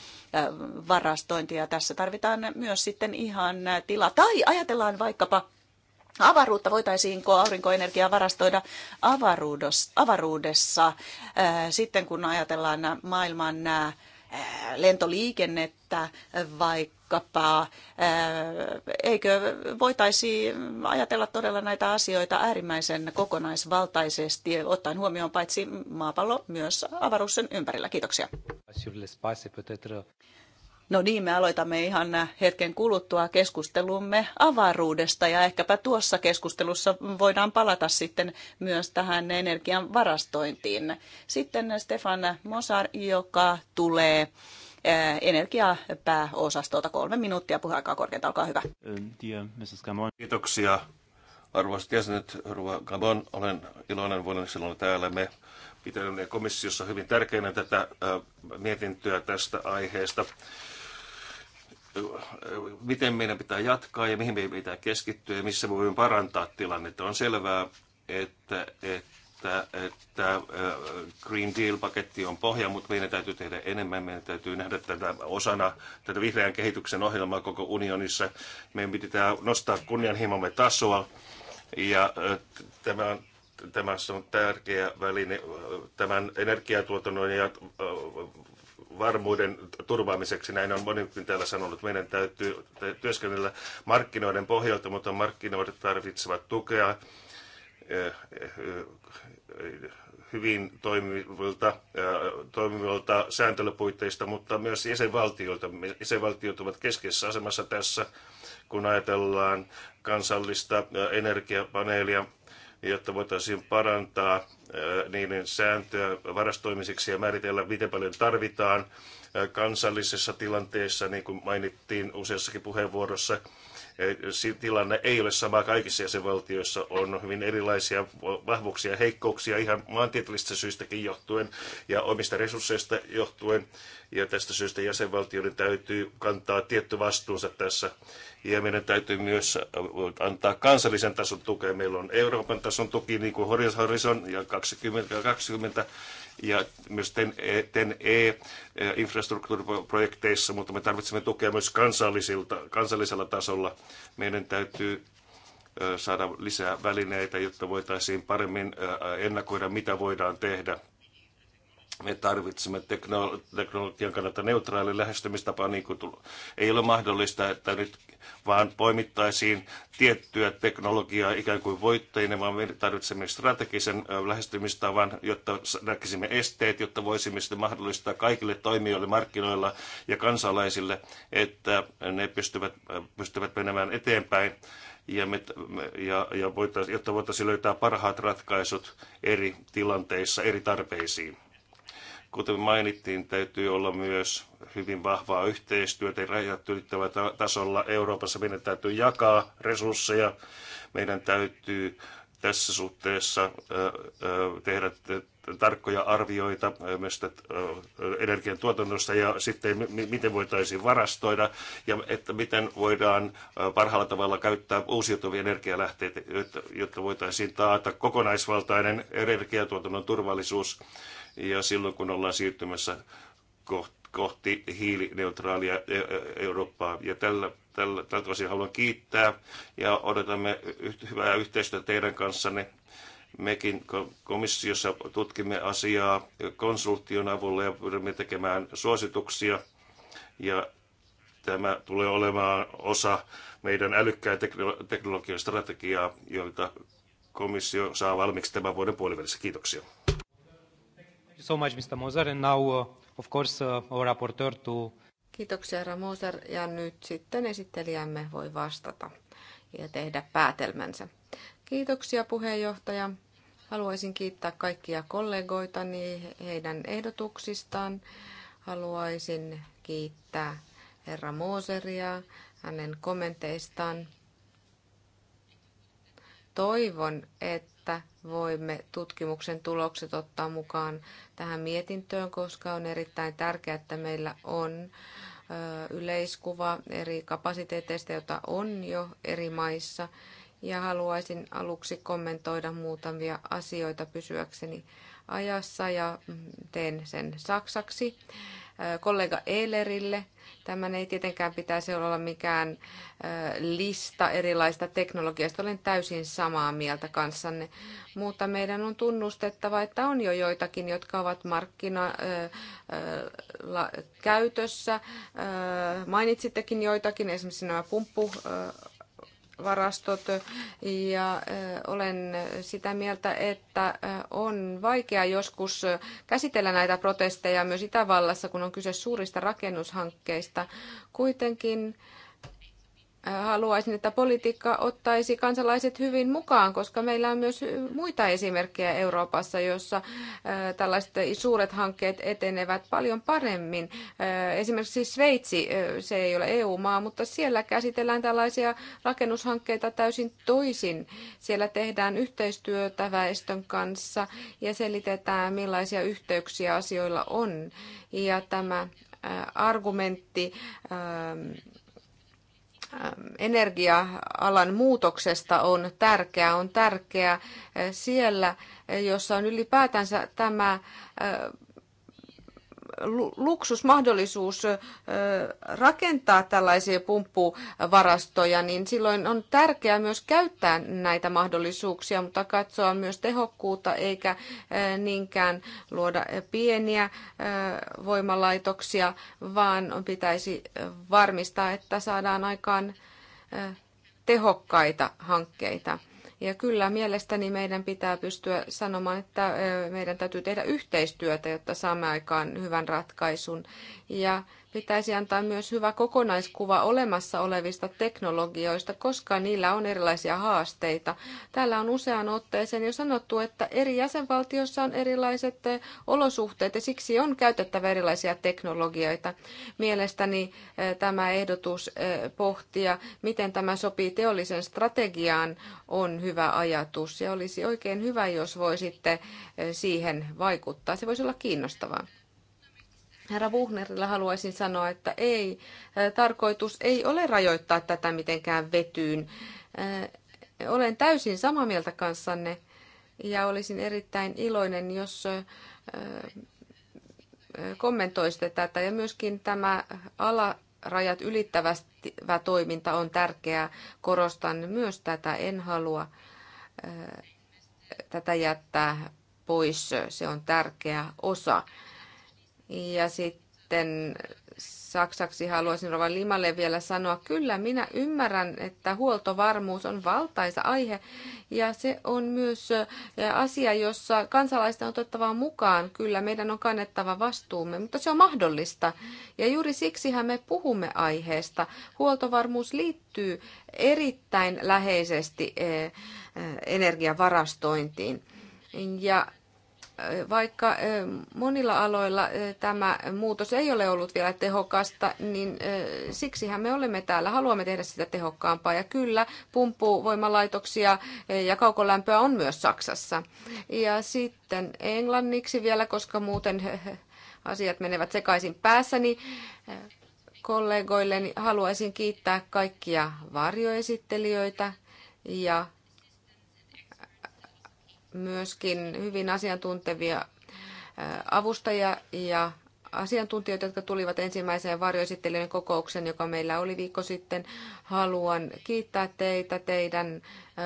Speaker 3: varastointia. Tässä tarvitaan myös sitten ihan tila. Tai ajatellaan vaikkapa avaruutta, voitaisiinko aurinkoenergiaa varastoida avaruudessa, sitten kun ajatellaan maailman lentoliikennettä, vaikka vaikkapa, eikö voitaisi ajatella todella näitä asioita äärimmäisen kokonaisvaltaisesti, ottaen huomioon paitsi maapallo, myös avaruus sen ympärillä. Kiitoksia. No niin, me aloitamme ihan hetken kuluttua keskustelumme avaruudesta ja ehkäpä tuossa keskustelussa voidaan palata sitten myös tähän energian varastointiin. Sitten Stefan Mosar, joka tulee Eh, energiaa pääosastolta. Kolme minuuttia puheaikaa korkeinta, olkaa hyvä.
Speaker 4: Kiitoksia. Arvoisat jäsenet, Rua Gabon, olen iloinen vuonna silloin täällä. Me pitämme komissiossa hyvin tärkeänä tätä mietintöä tästä aiheesta miten meidän pitää jatkaa ja mihin meidän pitää keskittyä ja missä me voimme parantaa tilannetta. On selvää, että, että että, että äh, Green Deal-paketti on pohja, mutta meidän täytyy tehdä enemmän. Meidän täytyy nähdä tätä osana tätä vihreän kehityksen ohjelmaa koko unionissa. Meidän pitää nostaa kunnianhimomme tasoa. Ja äh, tämä on Tämä on tärkeä väline äh, tämän energiatuotannon ja varmuuden turvaamiseksi, näin on monikin täällä sanonut, meidän täytyy työskennellä markkinoiden pohjalta, mutta markkinoiden tarvitsevat tukea Eh, eh, eh, hyvin toimivilta, toimivilta sääntelypuitteista, mutta myös jäsenvaltioilta. Jäsenvaltiot ovat keskeisessä asemassa tässä, kun ajatellaan kansallista energiapaneelia, jotta voitaisiin parantaa niiden sääntöä varastoimiseksi ja määritellä, miten paljon tarvitaan kansallisessa tilanteessa, niin kuin mainittiin useassakin puheenvuorossa, tilanne ei ole sama kaikissa jäsenvaltioissa. On hyvin erilaisia vahvuuksia ja heikkouksia ihan maantieteellisistä syistäkin johtuen ja omista resursseista johtuen. Ja tästä syystä jäsenvaltioiden täytyy kantaa tietty vastuunsa tässä. Ja meidän täytyy myös antaa kansallisen tason tukea. Meillä on Euroopan tason tuki, niin kuin Horizon ja 2020, ja myös TEN-E-infrastruktuuriprojekteissa, e, e, mutta me tarvitsemme tukea myös kansallisilta, kansallisella tasolla. Meidän täytyy saada lisää välineitä, jotta voitaisiin paremmin ennakoida, mitä voidaan tehdä. Me tarvitsemme teknologian kannalta neutraali lähestymistapa, niin kuin ei ole mahdollista, että nyt vaan poimittaisiin tiettyä teknologiaa ikään kuin voittajina, vaan me tarvitsemme strategisen lähestymistavan, jotta näkisimme esteet, jotta voisimme sitten mahdollistaa kaikille toimijoille, markkinoilla ja kansalaisille, että ne pystyvät, pystyvät menemään eteenpäin ja, me, ja, ja voitais, jotta voitaisiin löytää parhaat ratkaisut eri tilanteissa, eri tarpeisiin. Kuten mainittiin, täytyy olla myös hyvin vahvaa yhteistyötä rajat ylittävällä tasolla. Euroopassa meidän täytyy jakaa resursseja. Meidän täytyy tässä suhteessa tehdä tarkkoja arvioita myös energian tuotannosta ja sitten miten voitaisiin varastoida ja että miten voidaan parhaalla tavalla käyttää uusiutuvia energialähteitä, jotta voitaisiin taata kokonaisvaltainen energiantuotannon turvallisuus ja silloin kun ollaan siirtymässä kohti hiilineutraalia e-, e-, Eurooppaa. Ja tällä, tällä, tältä osin haluan kiittää ja odotamme hyvää yhteistyötä teidän kanssanne. Mekin komissiossa tutkimme asiaa konsulttion avulla ja pyrimme tekemään suosituksia. Ja tämä tulee olemaan osa meidän älykkää teknologian strategiaa, joita komissio saa valmiiksi tämän vuoden puolivälissä. Kiitoksia
Speaker 1: so much, Mr. Moser, and now, uh, of course, uh, our rapporteur to...
Speaker 2: Kiitoksia, herra Moser, ja nyt sitten esittelijämme voi vastata ja tehdä päätelmänsä. Kiitoksia, puheenjohtaja. Haluaisin kiittää kaikkia kollegoitani heidän ehdotuksistaan. Haluaisin kiittää herra Mooseria hänen kommenteistaan. Toivon, että että voimme tutkimuksen tulokset ottaa mukaan tähän mietintöön, koska on erittäin tärkeää, että meillä on yleiskuva eri kapasiteeteista, joita on jo eri maissa. Ja haluaisin aluksi kommentoida muutamia asioita pysyäkseni ajassa ja mm, teen sen saksaksi kollega Eilerille. Tämän ei tietenkään pitäisi olla mikään lista erilaista teknologiasta. Olen täysin samaa mieltä kanssanne, mutta meidän on tunnustettava, että on jo joitakin, jotka ovat markkinakäytössä. Mainitsittekin joitakin, esimerkiksi nämä pumppu varastot ja olen sitä mieltä, että on vaikea joskus käsitellä näitä protesteja myös Itävallassa, kun on kyse suurista rakennushankkeista. Kuitenkin haluaisin, että politiikka ottaisi kansalaiset hyvin mukaan, koska meillä on myös muita esimerkkejä Euroopassa, jossa tällaiset suuret hankkeet etenevät paljon paremmin. Esimerkiksi Sveitsi, se ei ole EU-maa, mutta siellä käsitellään tällaisia rakennushankkeita täysin toisin. Siellä tehdään yhteistyötä väestön kanssa ja selitetään, millaisia yhteyksiä asioilla on. Ja tämä argumentti energia-alan muutoksesta on tärkeää. On tärkeää eh, siellä, eh, jossa on ylipäätänsä tämä eh, luksusmahdollisuus rakentaa tällaisia pumppuvarastoja, niin silloin on tärkeää myös käyttää näitä mahdollisuuksia, mutta katsoa myös tehokkuutta eikä niinkään luoda pieniä voimalaitoksia, vaan pitäisi varmistaa, että saadaan aikaan tehokkaita hankkeita. Ja kyllä mielestäni meidän pitää pystyä sanomaan, että meidän täytyy tehdä yhteistyötä, jotta saamme aikaan hyvän ratkaisun. Ja pitäisi antaa myös hyvä kokonaiskuva olemassa olevista teknologioista, koska niillä on erilaisia haasteita. Täällä on useaan otteeseen jo sanottu, että eri jäsenvaltioissa on erilaiset eh, olosuhteet ja siksi on käytettävä erilaisia teknologioita. Mielestäni eh, tämä ehdotus eh, pohtia, miten tämä sopii teollisen strategiaan, on hyvä ajatus ja olisi oikein hyvä, jos voisitte siihen vaikuttaa. Se voisi olla kiinnostavaa. Herra Buhnerilla haluaisin sanoa, että ei, tarkoitus ei ole rajoittaa tätä mitenkään vetyyn. Olen täysin samaa mieltä kanssanne ja olisin erittäin iloinen, jos kommentoisitte tätä. Ja myöskin tämä alarajat ylittävä toiminta on tärkeää. Korostan myös tätä. En halua tätä jättää pois. Se on tärkeä osa ja sitten saksaksi haluaisin Rovan Limalle vielä sanoa, kyllä minä ymmärrän, että huoltovarmuus on valtaisa aihe ja se on myös asia, jossa kansalaisten on otettava mukaan. Kyllä meidän on kannettava vastuumme, mutta se on mahdollista ja juuri siksihän me puhumme aiheesta. Huoltovarmuus liittyy erittäin läheisesti energiavarastointiin ja vaikka monilla aloilla tämä muutos ei ole ollut vielä tehokasta, niin siksihän me olemme täällä. Haluamme tehdä sitä tehokkaampaa. Ja kyllä, pumppuvoimalaitoksia ja kaukolämpöä on myös Saksassa. Ja sitten englanniksi vielä, koska muuten asiat menevät sekaisin päässäni. Kollegoilleni haluaisin kiittää kaikkia varjoesittelijöitä ja myöskin hyvin asiantuntevia avustajia ja asiantuntijoita, jotka tulivat ensimmäiseen varjoesittelyyn kokoukseen, joka meillä oli viikko sitten. Haluan kiittää teitä teidän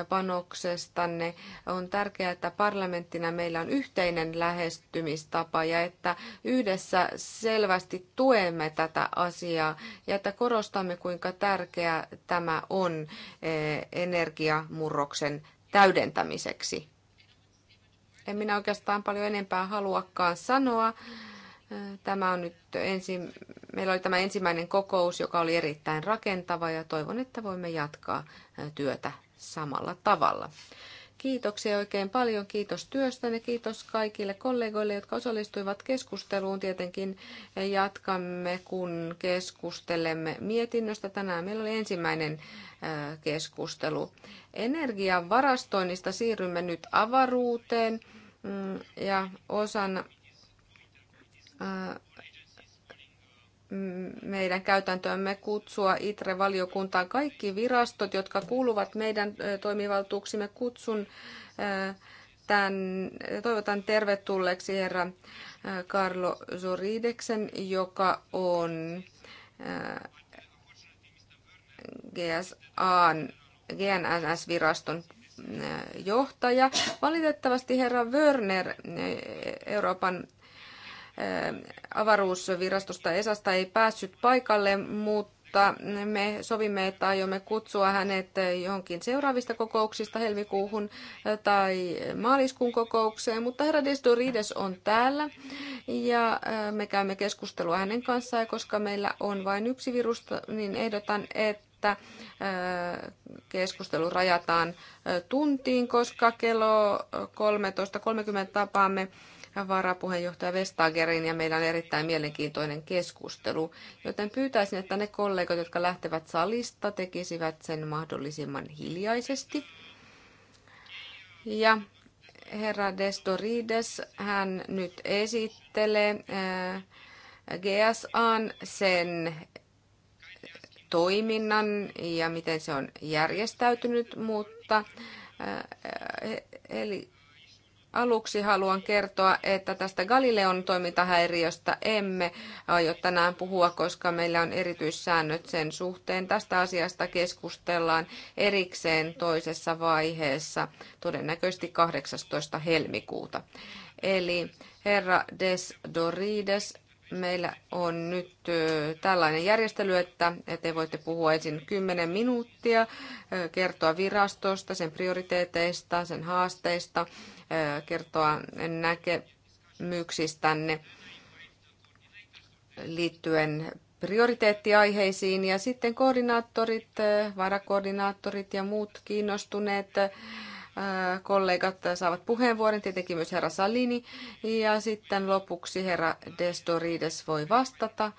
Speaker 2: panoksestanne. On tärkeää, että parlamenttina meillä on yhteinen lähestymistapa ja että yhdessä selvästi tuemme tätä asiaa ja että korostamme, kuinka tärkeää tämä on energiamurroksen täydentämiseksi. En minä oikeastaan paljon enempää haluakaan sanoa. Tämä on nyt ensi, meillä oli tämä ensimmäinen kokous, joka oli erittäin rakentava ja toivon, että voimme jatkaa työtä samalla tavalla. Kiitoksia oikein paljon. Kiitos työstäni, Kiitos kaikille kollegoille, jotka osallistuivat keskusteluun. Tietenkin jatkamme, kun keskustelemme mietinnöstä. Tänään meillä oli ensimmäinen keskustelu. Energian varastoinnista siirrymme nyt avaruuteen mm, ja osan meidän käytäntöömme kutsua ITRE-valiokuntaan kaikki virastot, jotka kuuluvat meidän toimivaltuuksimme kutsun tämän, toivotan tervetulleeksi herra Carlo Zorideksen, joka on GSAn, GNSS-viraston johtaja. Valitettavasti herra Wörner, Euroopan avaruusvirastosta Esasta ei päässyt paikalle, mutta me sovimme, että aiomme kutsua hänet johonkin seuraavista kokouksista helmikuuhun tai maaliskuun kokoukseen, mutta herra Desdorides on täällä ja me käymme keskustelua hänen kanssaan, koska meillä on vain yksi virusta, niin ehdotan, että että keskustelu rajataan tuntiin, koska kello 13.30 tapaamme varapuheenjohtaja Vestagerin ja meillä on erittäin mielenkiintoinen keskustelu, joten pyytäisin, että ne kollegat, jotka lähtevät salista, tekisivät sen mahdollisimman hiljaisesti. Ja herra Destorides, hän nyt esittelee äh, GSA sen toiminnan ja miten se on järjestäytynyt, mutta äh, eli Aluksi haluan kertoa, että tästä Galileon toimintahäiriöstä emme aio tänään puhua, koska meillä on erityissäännöt sen suhteen. Tästä asiasta keskustellaan erikseen toisessa vaiheessa, todennäköisesti 18. helmikuuta. Eli herra Des Dorides, meillä on nyt tällainen järjestely, että te voitte puhua ensin 10 minuuttia, kertoa virastosta, sen prioriteeteista, sen haasteista kertoa näkemyksistänne liittyen prioriteettiaiheisiin ja sitten koordinaattorit, varakoordinaattorit ja muut kiinnostuneet kollegat saavat puheenvuoron, tietenkin myös herra Salini. Ja sitten lopuksi herra Destorides voi vastata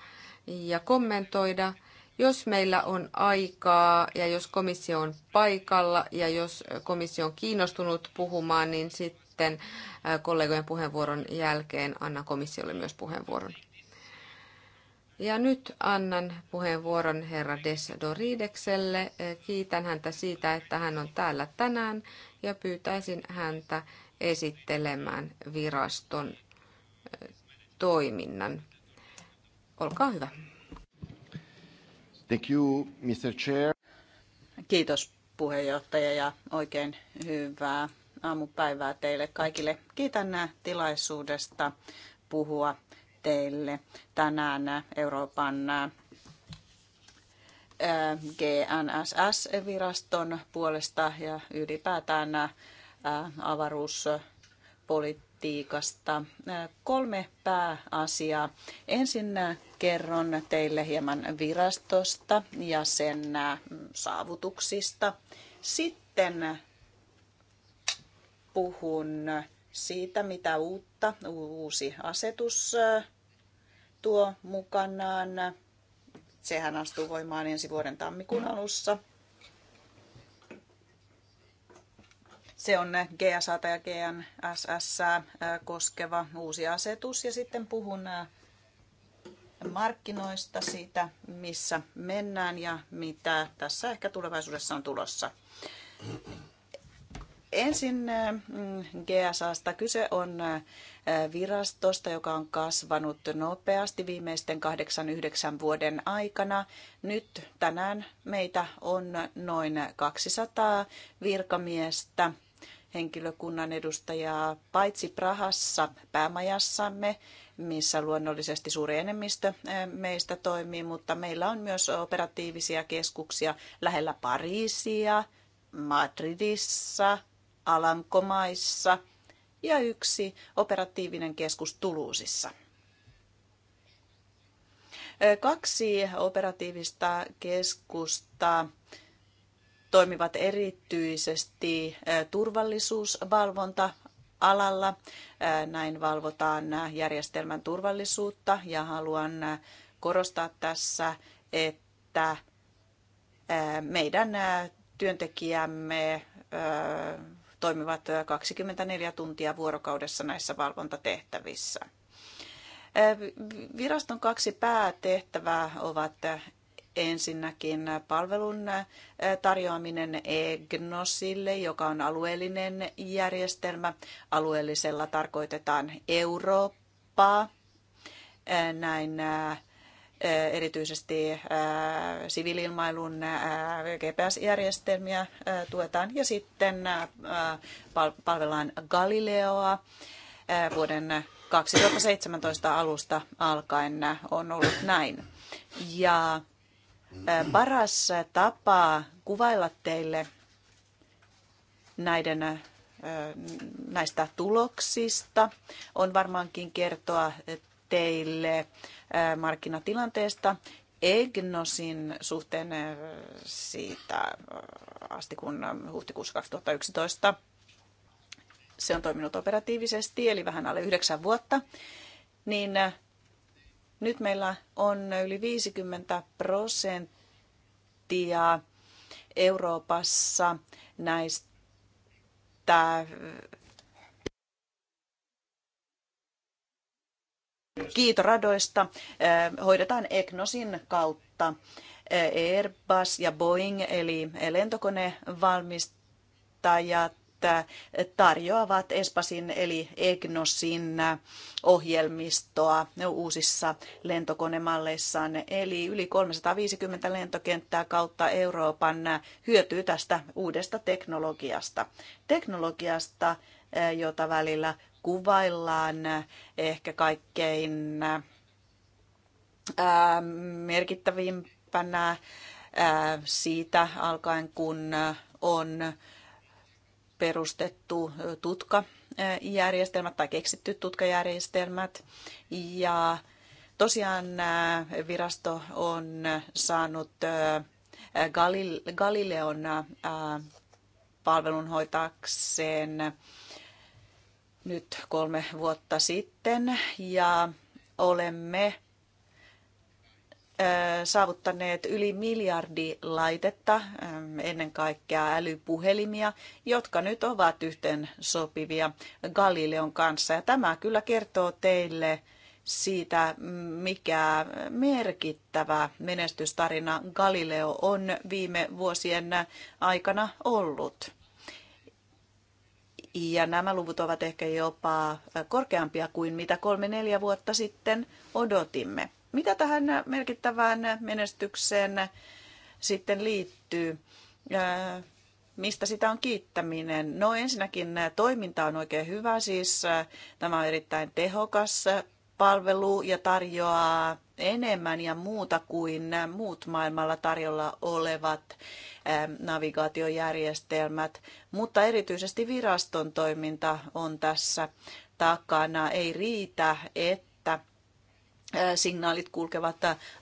Speaker 2: ja kommentoida, jos meillä on aikaa ja jos komissio on paikalla ja jos komissio on kiinnostunut puhumaan, niin sitten sitten kollegojen puheenvuoron jälkeen annan komissiolle myös puheenvuoron. Ja nyt annan puheenvuoron herra Des Doridekselle. Kiitän häntä siitä, että hän on täällä tänään ja pyytäisin häntä esittelemään viraston toiminnan. Olkaa hyvä.
Speaker 4: Thank you, Mr. Chair.
Speaker 2: Kiitos
Speaker 3: puheenjohtaja ja oikein hyvää aamupäivää teille kaikille. Kiitän tilaisuudesta puhua teille tänään Euroopan GNSS-viraston puolesta ja ylipäätään avaruuspolitiikasta. Kolme pääasiaa. Ensin kerron teille hieman virastosta ja sen saavutuksista. Sitten puhun siitä, mitä uutta uusi asetus tuo mukanaan. Sehän astuu voimaan ensi vuoden tammikuun alussa. Se on GSA ja GNSS koskeva uusi asetus ja sitten puhun markkinoista, siitä missä mennään ja mitä tässä ehkä tulevaisuudessa on tulossa. Ensin mm, GSAsta kyse on äh, virastosta, joka on kasvanut nopeasti viimeisten 8-9 vuoden aikana. Nyt tänään meitä on noin 200 virkamiestä, henkilökunnan edustajaa, paitsi Prahassa päämajassamme, missä luonnollisesti suuri enemmistö äh, meistä toimii, mutta meillä on myös operatiivisia keskuksia lähellä Pariisia, Madridissa, Alankomaissa ja yksi operatiivinen keskus Tuluusissa. Kaksi operatiivista keskusta toimivat erityisesti turvallisuusvalvonta alalla. Näin valvotaan järjestelmän turvallisuutta ja haluan korostaa tässä, että meidän työntekijämme toimivat 24 tuntia vuorokaudessa näissä valvontatehtävissä. Viraston kaksi päätehtävää ovat ensinnäkin palvelun tarjoaminen EGNOSille, joka on alueellinen järjestelmä. Alueellisella tarkoitetaan Eurooppaa. Näin Äh, erityisesti äh, siviililmailun äh, GPS-järjestelmiä tuetaan ja sitten palvellaan Galileoa vuoden 2017 alusta alkaen on ollut näin. Ja paras tapa kuvailla teille näiden näistä tuloksista on varmaankin kertoa teille markkinatilanteesta Egnosin suhteen siitä asti, kun huhtikuussa 2011 se on toiminut operatiivisesti, eli vähän alle yhdeksän vuotta, niin nyt meillä on yli 50 prosenttia Euroopassa näistä kiitoradoista eh, hoidetaan EGNOSin kautta. Eh, Airbus ja Boeing eli lentokonevalmistajat eh, tarjoavat Espasin eli EGNOSin ohjelmistoa uusissa lentokonemalleissaan. Eli yli 350 lentokenttää kautta Euroopan hyötyy tästä uudesta teknologiasta. Teknologiasta, jota välillä kuvaillaan ehkä kaikkein merkittävimpänä siitä alkaen, kun on perustettu tutkajärjestelmät tai keksitty tutkajärjestelmät. Ja tosiaan virasto on saanut Galileon palvelun hoitakseen nyt kolme vuotta sitten ja olemme saavuttaneet yli miljardi laitetta, ennen kaikkea älypuhelimia, jotka nyt ovat yhteen sopivia Galileon kanssa. Ja tämä kyllä kertoo teille siitä, mikä merkittävä menestystarina Galileo on viime vuosien aikana ollut. Ja nämä luvut ovat ehkä jopa korkeampia kuin mitä kolme-neljä vuotta sitten odotimme. Mitä tähän merkittävään menestykseen sitten liittyy? Mistä sitä on kiittäminen? No ensinnäkin toiminta on oikein hyvä, siis tämä on erittäin tehokas palvelu ja tarjoaa enemmän ja muuta kuin muut maailmalla tarjolla olevat navigaatiojärjestelmät, mutta erityisesti viraston toiminta on tässä takana. Ei riitä, että signaalit kulkevat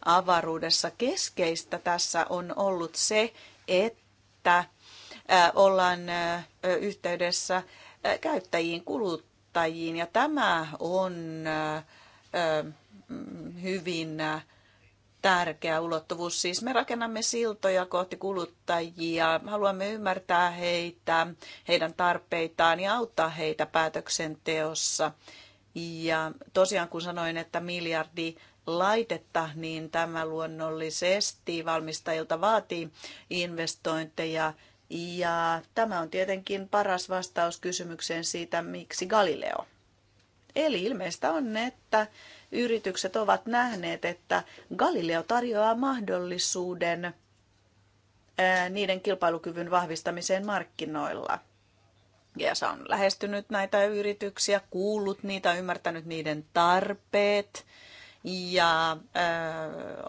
Speaker 3: avaruudessa. Keskeistä tässä on ollut se, että ollaan yhteydessä käyttäjiin, kuluttajiin, ja tämä on hyvin tärkeä ulottuvuus. Siis me rakennamme siltoja kohti kuluttajia, haluamme ymmärtää heitä, heidän tarpeitaan ja auttaa heitä päätöksenteossa. Ja tosiaan kun sanoin, että miljardi laitetta, niin tämä luonnollisesti valmistajilta vaatii investointeja. Ja tämä on tietenkin paras vastaus kysymykseen siitä, miksi Galileo. Eli ilmeistä on, että yritykset ovat nähneet, että Galileo tarjoaa mahdollisuuden niiden kilpailukyvyn vahvistamiseen markkinoilla. Ja se on lähestynyt näitä yrityksiä, kuullut niitä, ymmärtänyt niiden tarpeet ja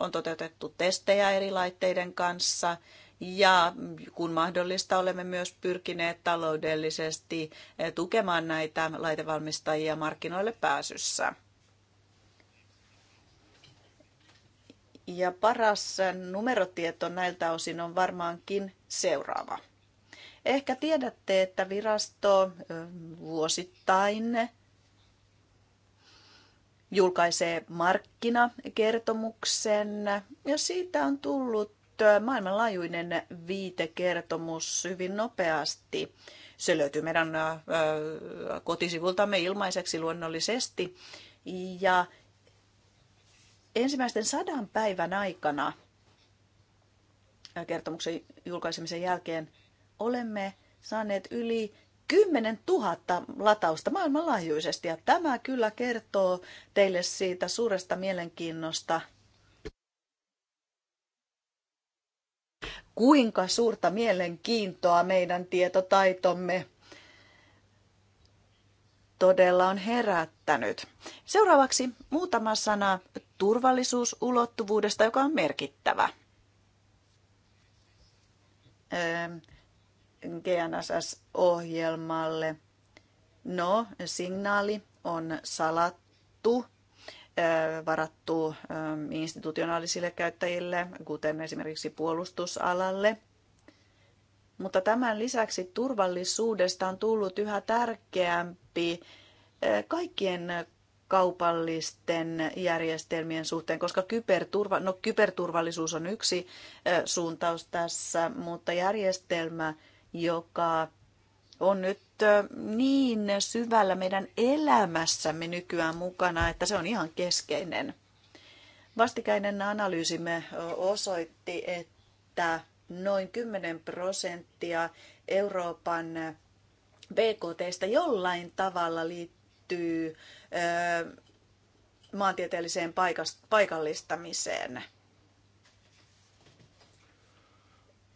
Speaker 3: on toteutettu testejä eri laitteiden kanssa. Ja kun mahdollista, olemme myös pyrkineet taloudellisesti tukemaan näitä laitevalmistajia markkinoille pääsyssä. Ja paras numerotieto näiltä osin on varmaankin seuraava. Ehkä tiedätte, että virasto vuosittain julkaisee markkinakertomuksen ja siitä on tullut maailmanlaajuinen viitekertomus hyvin nopeasti. Se löytyy meidän kotisivultamme ilmaiseksi luonnollisesti. Ja ensimmäisten sadan päivän aikana kertomuksen julkaisemisen jälkeen olemme saaneet yli 10 000 latausta maailmanlaajuisesti ja tämä kyllä kertoo teille siitä suuresta mielenkiinnosta, kuinka suurta mielenkiintoa meidän tietotaitomme todella on herättänyt. Seuraavaksi muutama sana turvallisuusulottuvuudesta, joka on merkittävä. Öö, GNSS-ohjelmalle. No, signaali on salattu, öö, varattu öö, institutionaalisille käyttäjille, kuten esimerkiksi puolustusalalle – mutta tämän lisäksi turvallisuudesta on tullut yhä tärkeämpi eh, kaikkien kaupallisten järjestelmien suhteen, koska kyberturva, no, kyberturvallisuus on yksi eh, suuntaus tässä, mutta järjestelmä, joka on nyt eh, niin syvällä meidän elämässämme nykyään mukana, että se on ihan keskeinen. Vastikäinen analyysimme osoitti, että noin 10 prosenttia Euroopan BKTstä jollain tavalla liittyy maantieteelliseen paikallistamiseen.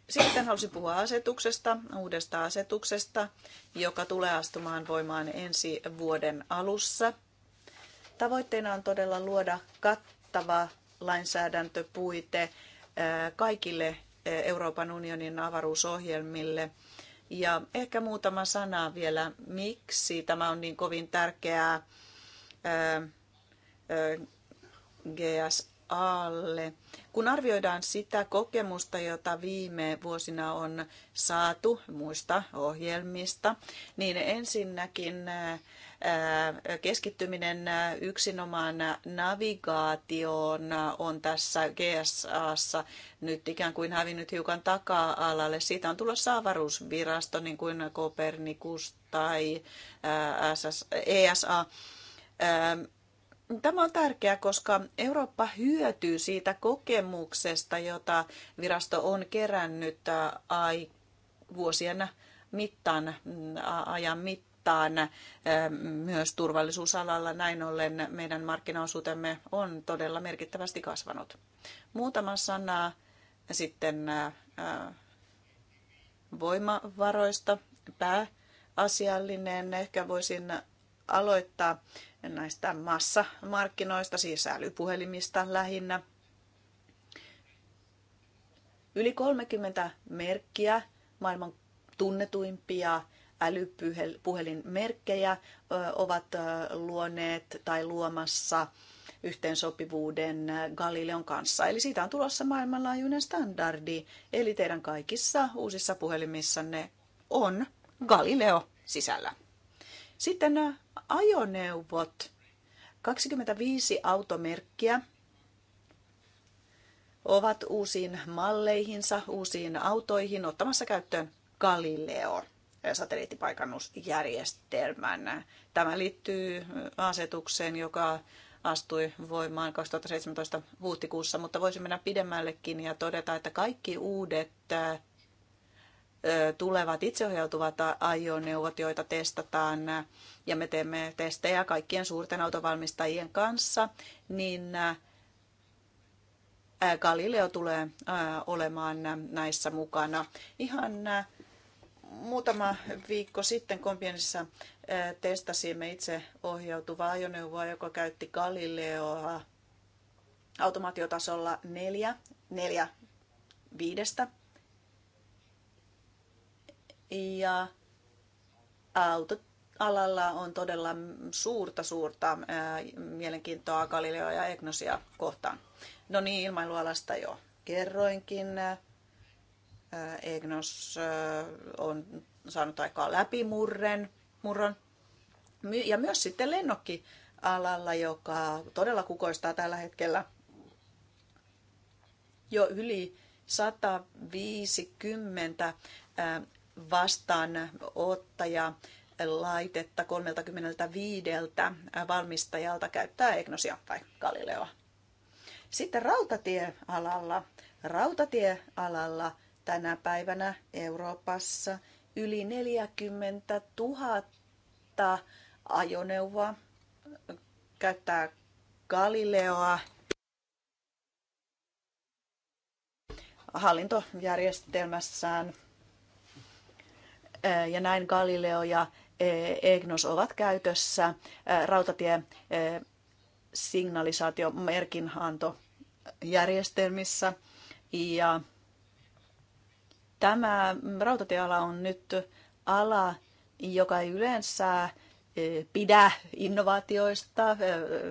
Speaker 3: Sitten halusin puhua asetuksesta, uudesta asetuksesta, joka tulee astumaan voimaan ensi vuoden alussa. Tavoitteena on todella luoda kattava lainsäädäntöpuite kaikille Euroopan unionin avaruusohjelmille. Ja ehkä muutama sana vielä, miksi tämä on niin kovin tärkeää GSAlle. Kun arvioidaan sitä kokemusta, jota viime vuosina on saatu muista ohjelmista, niin ensinnäkin keskittyminen yksinomaan navigaatioon on tässä GSAssa nyt ikään kuin hävinnyt hiukan taka-alalle. Siitä on tulossa avaruusvirasto, niin kuin Kopernikus tai ESA. Tämä on tärkeää, koska Eurooppa hyötyy siitä kokemuksesta, jota virasto on kerännyt ai, vuosien mittaan, ajan mittaan mittaan myös turvallisuusalalla. Näin ollen meidän markkinaosuutemme on todella merkittävästi kasvanut. Muutama sana sitten voimavaroista. Pääasiallinen ehkä voisin aloittaa näistä massamarkkinoista, siis älypuhelimista lähinnä. Yli 30 merkkiä, maailman tunnetuimpia älypuhelinmerkkejä ovat luoneet tai luomassa yhteensopivuuden Galileon kanssa. Eli siitä on tulossa maailmanlaajuinen standardi. Eli teidän kaikissa uusissa puhelimissanne on Galileo sisällä. Sitten ajoneuvot. 25 automerkkiä ovat uusiin malleihinsa, uusiin autoihin ottamassa käyttöön Galileo satelliittipaikannusjärjestelmän. Tämä liittyy asetukseen, joka astui voimaan 2017 huhtikuussa, mutta voisi mennä pidemmällekin ja todeta, että kaikki uudet tulevat itseohjautuvat ajoneuvot, joita testataan, ja me teemme testejä kaikkien suurten autovalmistajien kanssa, niin Galileo tulee olemaan näissä mukana. Ihan Muutama viikko sitten Kompienissa testasimme itse ohjautuvaa ajoneuvoa, joka käytti Galileoa automaatiotasolla neljä, neljä viidestä. Ja alalla on todella suurta, suurta ää, mielenkiintoa Galileo ja Egnosia kohtaan. No niin, ilmailualasta jo kerroinkin. Äh, EGNOS äh, on saanut aikaa läpimurren, murron. Ja myös sitten alalla, joka todella kukoistaa tällä hetkellä jo yli 150 äh, vastaanottaja laitetta 35 valmistajalta käyttää Egnosia tai Galileoa. Sitten rautatiealalla. Rautatiealalla tänä päivänä Euroopassa yli 40 000 ajoneuvoa käyttää Galileoa hallintojärjestelmässään. Ja näin Galileo ja EGNOS ovat käytössä rautatie merkinhaantojärjestelmissä ja Tämä rautatieala on nyt ala, joka ei yleensä e, pidä innovaatioista. E,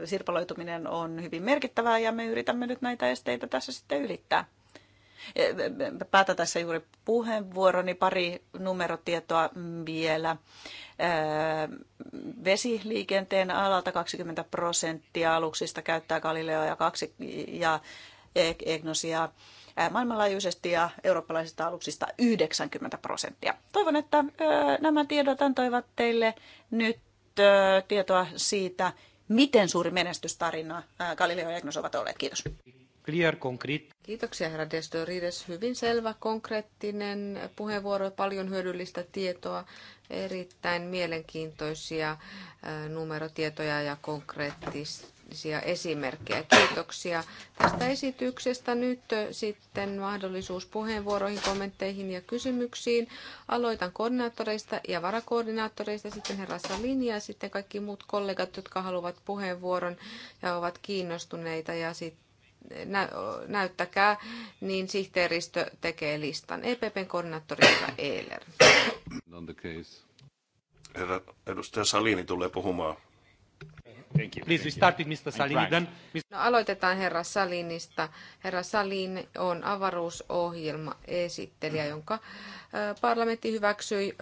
Speaker 3: sirpaloituminen on hyvin merkittävää ja me yritämme nyt näitä esteitä tässä sitten ylittää. E, Päätä tässä juuri puheenvuoroni pari numerotietoa vielä. Vesiliikenteen alalta 20 prosenttia aluksista käyttää Galileoa ja, kaksi, ja Egnosia maailmanlaajuisesti ja eurooppalaisista aluksista 90 prosenttia. Toivon, että nämä tiedot antoivat teille nyt tietoa siitä, miten suuri menestystarina
Speaker 2: Galileo ja Egnos ovat olleet. Kiitos.
Speaker 1: Clear, concrete.
Speaker 2: Kiitoksia herra Destorides. Hyvin selvä, konkreettinen puheenvuoro, paljon hyödyllistä tietoa, erittäin mielenkiintoisia numerotietoja ja konkreettista konkreettisia esimerkkejä. Kiitoksia tästä esityksestä. Nyt sitten mahdollisuus puheenvuoroihin, kommentteihin ja kysymyksiin. Aloitan koordinaattoreista ja varakoordinaattoreista, sitten herra Salin ja sitten kaikki muut kollegat, jotka haluavat puheenvuoron ja ovat kiinnostuneita ja sitten näyttäkää, niin sihteeristö tekee listan. EPPn koordinaattori Eiler.
Speaker 4: Herra edustaja Salini tulee puhumaan.
Speaker 1: Thank you. Please, we start with Mr. then...
Speaker 2: No, aloitetaan herra Salinista. Herra Salin on avaruusohjelma esittelijä, jonka parlamentti hyväksyi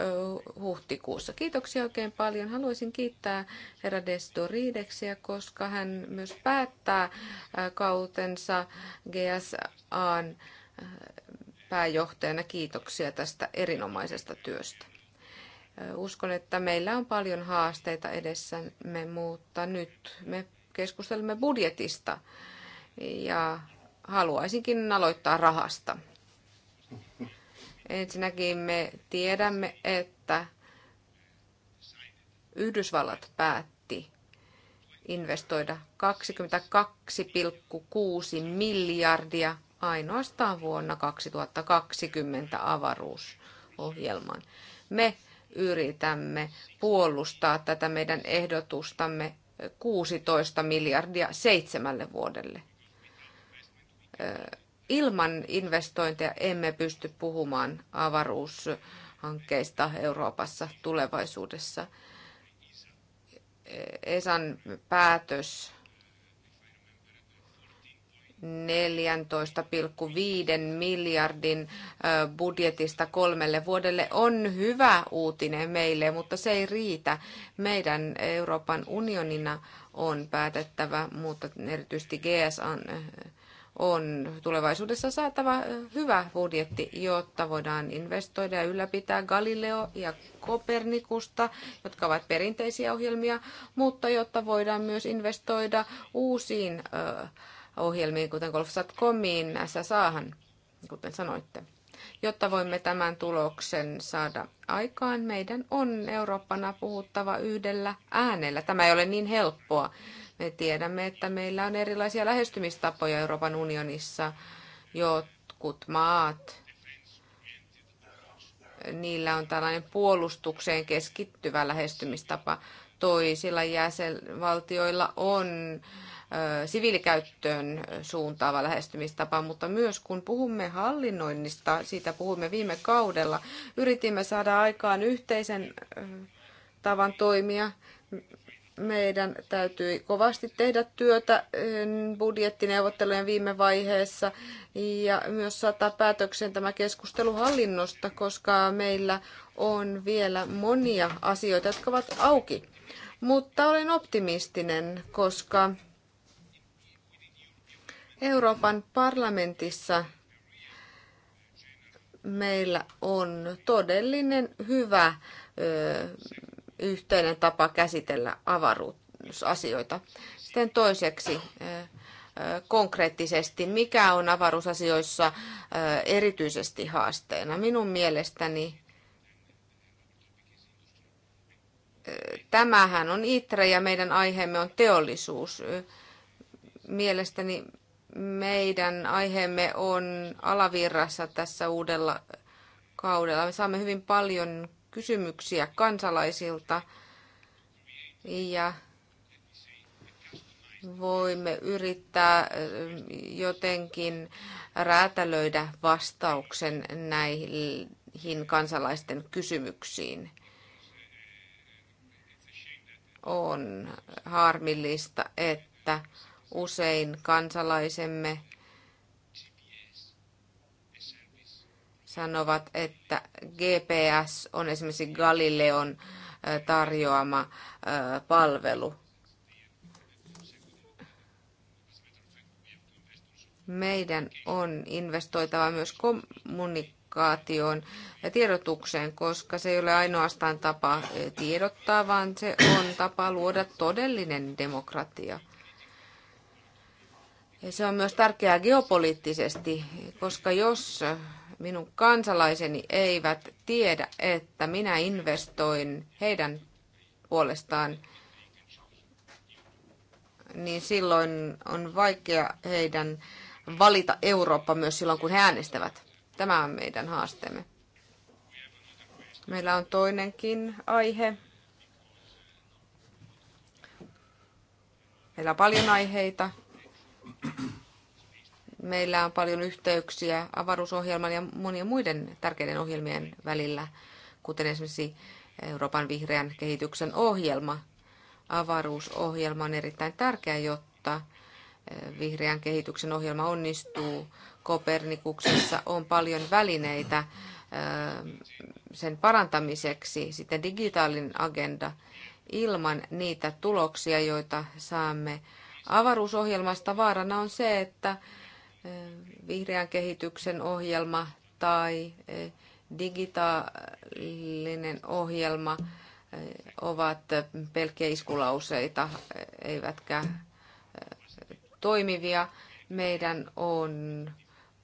Speaker 2: huhtikuussa. Kiitoksia oikein paljon. Haluaisin kiittää herra Destorideksiä, koska hän myös päättää kautensa GSAn pääjohtajana. Kiitoksia tästä erinomaisesta työstä. Uskon, että meillä on paljon haasteita edessämme, mutta nyt me keskustelemme budjetista ja haluaisinkin aloittaa rahasta. Ensinnäkin me tiedämme, että Yhdysvallat päätti investoida 22,6 miljardia ainoastaan vuonna 2020 avaruusohjelmaan. Me yritämme puolustaa tätä meidän ehdotustamme 16 miljardia seitsemälle vuodelle. Ilman investointeja emme pysty puhumaan avaruushankkeista Euroopassa tulevaisuudessa. ESAn päätös 14,5 miljardin budjetista kolmelle vuodelle on hyvä uutinen meille, mutta se ei riitä. Meidän Euroopan unionina on päätettävä, mutta erityisesti GS on, on tulevaisuudessa saatava hyvä budjetti, jotta voidaan investoida ja ylläpitää Galileo ja Kopernikusta, jotka ovat perinteisiä ohjelmia, mutta jotta voidaan myös investoida uusiin ö, ohjelmiin, kuten Golfsatcomiin, saahan kuten sanoitte. Jotta voimme tämän tuloksen saada aikaan, meidän on Eurooppana puhuttava yhdellä äänellä. Tämä ei ole niin helppoa. Me tiedämme, että meillä on erilaisia lähestymistapoja Euroopan unionissa. Jotkut maat, niillä on tällainen puolustukseen keskittyvä lähestymistapa. Toisilla jäsenvaltioilla on äh, siviilikäyttöön suuntaava lähestymistapa, mutta myös kun puhumme hallinnoinnista, siitä puhumme viime kaudella, yritimme saada aikaan yhteisen tavan toimia. Meidän täytyi kovasti tehdä työtä budjettineuvottelujen viime vaiheessa ja myös saattaa päätökseen tämä keskustelu hallinnosta, koska meillä on vielä monia asioita, jotka ovat auki. Mutta olen optimistinen, koska Euroopan parlamentissa meillä on todellinen hyvä ö, yhteinen tapa käsitellä avaruusasioita. Sitten toiseksi ö, konkreettisesti, mikä on avaruusasioissa erityisesti haasteena. Minun mielestäni tämähän on ITRE ja meidän aiheemme on teollisuus. Mielestäni meidän aiheemme on alavirrassa tässä uudella kaudella. Me saamme hyvin paljon kysymyksiä kansalaisilta ja voimme yrittää jotenkin räätälöidä vastauksen näihin kansalaisten kysymyksiin. On harmillista, että usein kansalaisemme sanovat, että GPS on esimerkiksi Galileon tarjoama palvelu. Meidän on investoitava myös kommunikaatioon ja tiedotukseen, koska se ei ole ainoastaan tapa tiedottaa, vaan se on tapa luoda todellinen demokratia. Se on myös tärkeää geopoliittisesti, koska jos minun kansalaiseni eivät tiedä, että minä investoin heidän puolestaan, niin silloin on vaikea heidän valita Eurooppa myös silloin, kun he äänestävät. Tämä on meidän haasteemme. Meillä on toinenkin aihe. Meillä on paljon aiheita. Meillä on paljon yhteyksiä avaruusohjelman ja monien muiden tärkeiden ohjelmien välillä, kuten esimerkiksi Euroopan vihreän kehityksen ohjelma. Avaruusohjelma on erittäin tärkeä, jotta eh, vihreän kehityksen ohjelma onnistuu. Kopernikuksessa on paljon välineitä eh, sen parantamiseksi. Sitten digitaalinen agenda ilman niitä tuloksia, joita saamme avaruusohjelmasta vaarana on se, että eh, vihreän kehityksen ohjelma tai eh, digitaalinen ohjelma eh, ovat pelkkiä iskulauseita, eivätkä toimivia. Meidän on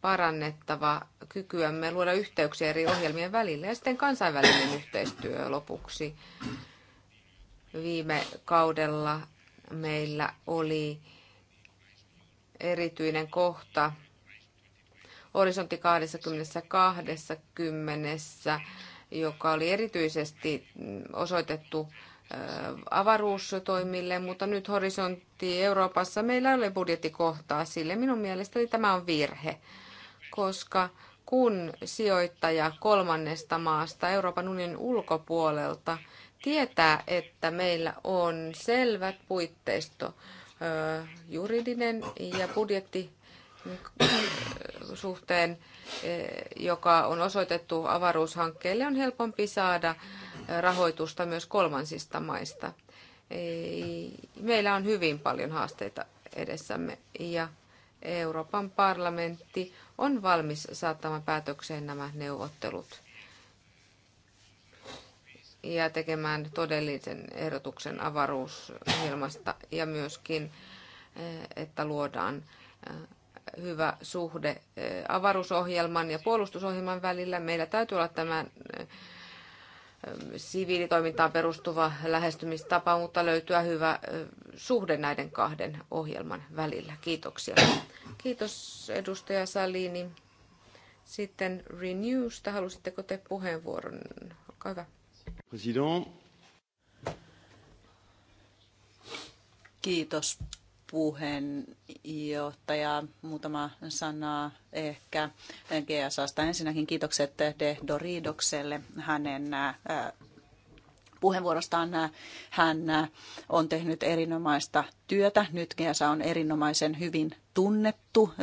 Speaker 2: parannettava kykyämme luoda yhteyksiä eri ohjelmien välillä ja sitten kansainvälinen yhteistyö lopuksi. Viime kaudella meillä oli erityinen kohta Horisontti 2020, joka oli erityisesti osoitettu avaruustoimille, mutta nyt Horisontti Euroopassa meillä ei ole budjettikohtaa sille. Minun mielestäni tämä on virhe, koska kun sijoittaja kolmannesta maasta Euroopan unionin ulkopuolelta – tietää, että meillä on selvät puitteisto, juridinen ja budjetti suhteen, joka on osoitettu avaruushankkeelle, on helpompi saada rahoitusta myös kolmansista maista. Meillä on hyvin paljon haasteita edessämme ja Euroopan parlamentti on valmis saattamaan päätökseen nämä neuvottelut ja tekemään todellisen ehdotuksen avaruusohjelmasta ja myöskin, eh, että luodaan eh, hyvä suhde eh, avaruusohjelman ja puolustusohjelman välillä. Meillä täytyy olla tämä siviilitoimintaan perustuva lähestymistapa, mutta löytyä hyvä suhde näiden kahden ohjelman välillä. Kiitoksia. Kiitos edustaja Salini. Sitten Renewsta, halusitteko te puheenvuoron? Olkaa hyvä.
Speaker 4: President.
Speaker 3: Kiitos puheenjohtaja. Muutama sana ehkä GSAsta. Ensinnäkin kiitokset De Doridokselle hänen äh, puheenvuorostaan. Hän äh, on tehnyt erinomaista työtä. Nyt GSA on erinomaisen hyvin tunnettu.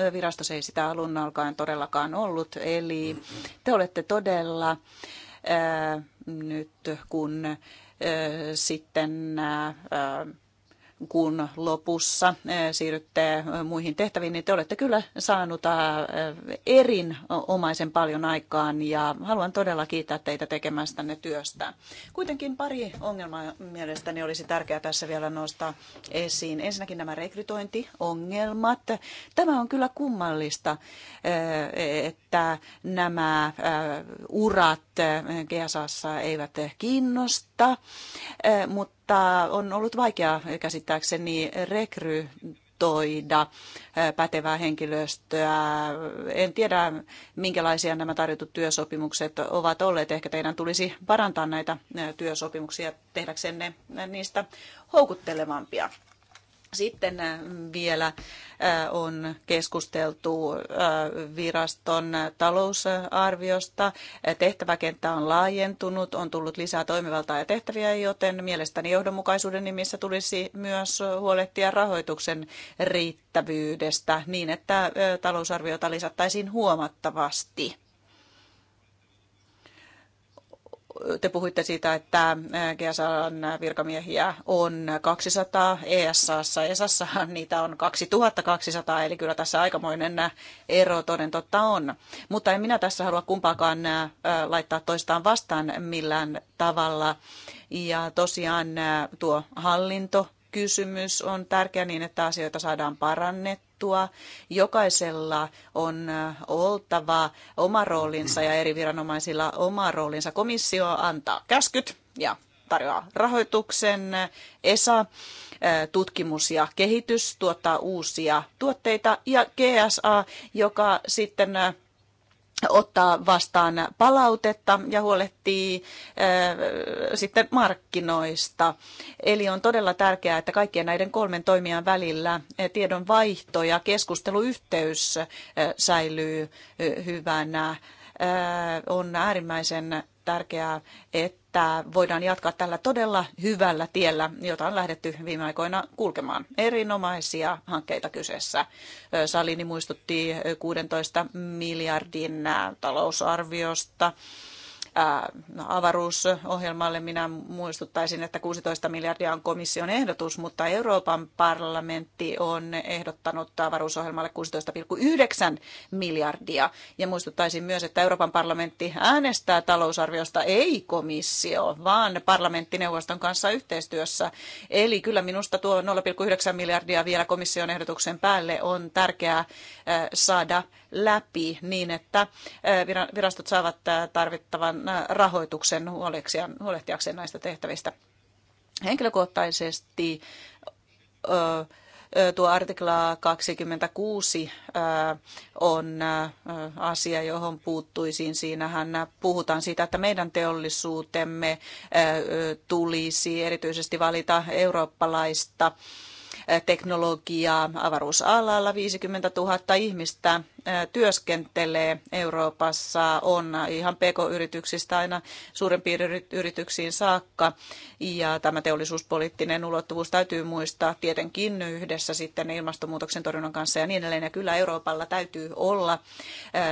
Speaker 3: se ei sitä alun alkaen todellakaan ollut. Eli te olette todella äh, nyt, kun sitten kun lopussa eh, siirrytte eh, muihin tehtäviin, niin te olette kyllä saanut eh, erinomaisen paljon aikaan ja haluan todella kiittää teitä tekemästänne työstä. Kuitenkin pari ongelmaa mielestäni olisi tärkeää tässä vielä nostaa esiin. Ensinnäkin nämä rekrytointiongelmat. Tämä on kyllä kummallista, että nämä urat GSAssa eivät kiinnosta, mutta mutta on ollut vaikea käsittääkseni rekrytoida pätevää henkilöstöä. En tiedä, minkälaisia nämä tarjotut työsopimukset ovat olleet. Ehkä teidän tulisi parantaa näitä työsopimuksia tehdäksenne niistä houkuttelevampia. Sitten äh, vielä äh, on keskusteltu äh, viraston talousarviosta. Tehtäväkenttä on laajentunut, on tullut lisää toimivaltaa ja tehtäviä, joten mielestäni johdonmukaisuuden nimissä tulisi myös huolehtia rahoituksen riittävyydestä niin, että talousarviota lisättäisiin huomattavasti. te puhuitte siitä, että äh, GSAn virkamiehiä on 200, ESAssa, ESAssa niitä on 2200, eli kyllä tässä aikamoinen äh, ero toden totta on. Mutta en minä tässä halua kumpaakaan äh, laittaa toistaan vastaan millään tavalla. Ja tosiaan tuo hallinto kysymys on tärkeä niin, että asioita saadaan parannettua sovittua. Jokaisella on äh, oltava oma roolinsa ja eri viranomaisilla oma roolinsa. Komissio antaa käskyt ja tarjoaa rahoituksen. ESA äh, tutkimus ja kehitys tuottaa uusia tuotteita ja GSA, joka sitten äh, ottaa vastaan palautetta ja huolehtii äh, sitten markkinoista. Eli on todella tärkeää, että kaikkien näiden kolmen toimijan välillä tiedon vaihto ja keskusteluyhteys äh, säilyy äh, hyvänä. Äh, on äärimmäisen tärkeää, että voidaan jatkaa tällä todella hyvällä tiellä, jota on lähdetty viime aikoina kulkemaan. Erinomaisia hankkeita kyseessä. Salini muistutti 16 miljardin talousarviosta No, avaruusohjelmalle. Minä muistuttaisin, että 16 miljardia on komission ehdotus, mutta Euroopan parlamentti on ehdottanut avaruusohjelmalle 16,9 miljardia. Ja muistuttaisin myös, että Euroopan parlamentti äänestää talousarviosta ei komissio, vaan parlamenttineuvoston kanssa yhteistyössä. Eli kyllä minusta tuo 0,9 miljardia vielä komission ehdotuksen päälle on tärkeää saada läpi niin, että virastot saavat tarvittavan Äh, rahoituksen huolehtiakseen näistä tehtävistä. Henkilökohtaisesti tuo artikla 26 on asia, johon puuttuisiin. Siinähän puhutaan siitä, että meidän teollisuutemme tulisi erityisesti valita eurooppalaista teknologiaa. Avaruusalalla 50 000 ihmistä työskentelee Euroopassa, on ihan pk-yrityksistä aina suurempiin yrityksiin saakka. Ja tämä teollisuuspoliittinen ulottuvuus täytyy muistaa tietenkin yhdessä sitten ilmastonmuutoksen torjunnan kanssa ja niin edelleen. Ja kyllä Euroopalla täytyy olla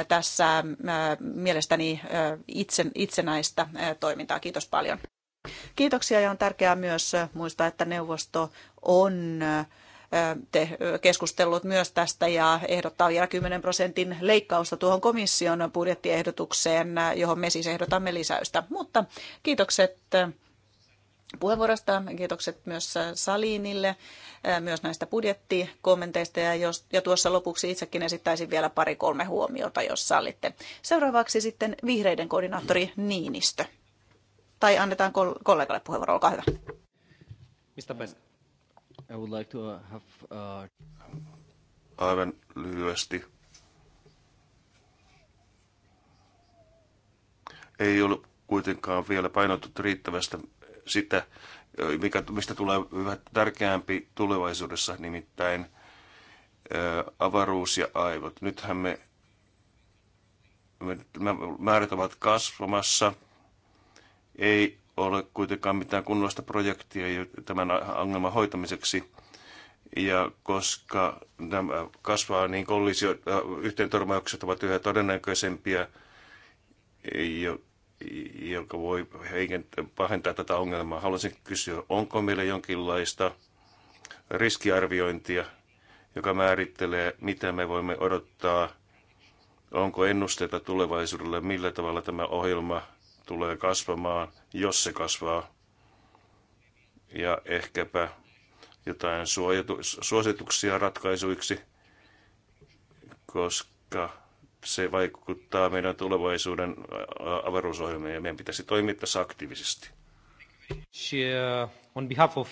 Speaker 3: tässä mielestäni itsenäistä toimintaa. Kiitos paljon. Kiitoksia ja on tärkeää myös äh, muistaa, että neuvosto on äh, te äh, keskustellut myös tästä ja ehdottaa vielä 10 prosentin leikkausta tuohon komission budjettiehdotukseen, johon me siis ehdotamme lisäystä. Mutta kiitokset puheenvuorosta. Kiitokset myös Salinille, myös näistä budjettikommenteista ja, jos, ja tuossa lopuksi itsekin esittäisin vielä pari-kolme huomiota, jos sallitte. Seuraavaksi sitten vihreiden koordinaattori Niinistö tai annetaan kollegalle puheenvuoro, olkaa hyvä. Mistä
Speaker 4: I would like to uh, have, uh... Aivan lyhyesti. Ei ole kuitenkaan vielä painottu riittävästä sitä, mikä, mistä tulee yhä tärkeämpi tulevaisuudessa, nimittäin avaruus ja aivot. Nythän me, me määrät ovat kasvamassa – ei ole kuitenkaan mitään kunnollista projektia tämän ongelman hoitamiseksi. Ja koska nämä kasvaa, niin kollisio, äh, törmäykset ovat yhä todennäköisempiä, joka voi heikentää, pahentaa tätä ongelmaa. Haluaisin kysyä, onko meillä jonkinlaista riskiarviointia, joka määrittelee, mitä me voimme odottaa, onko ennusteita tulevaisuudelle, millä tavalla tämä ohjelma – tulee kasvamaan, jos se kasvaa. Ja ehkäpä jotain suosituksia ratkaisuiksi, koska se vaikuttaa meidän tulevaisuuden avaruusohjelmiin ja meidän pitäisi toimia tässä aktiivisesti.
Speaker 1: On behalf of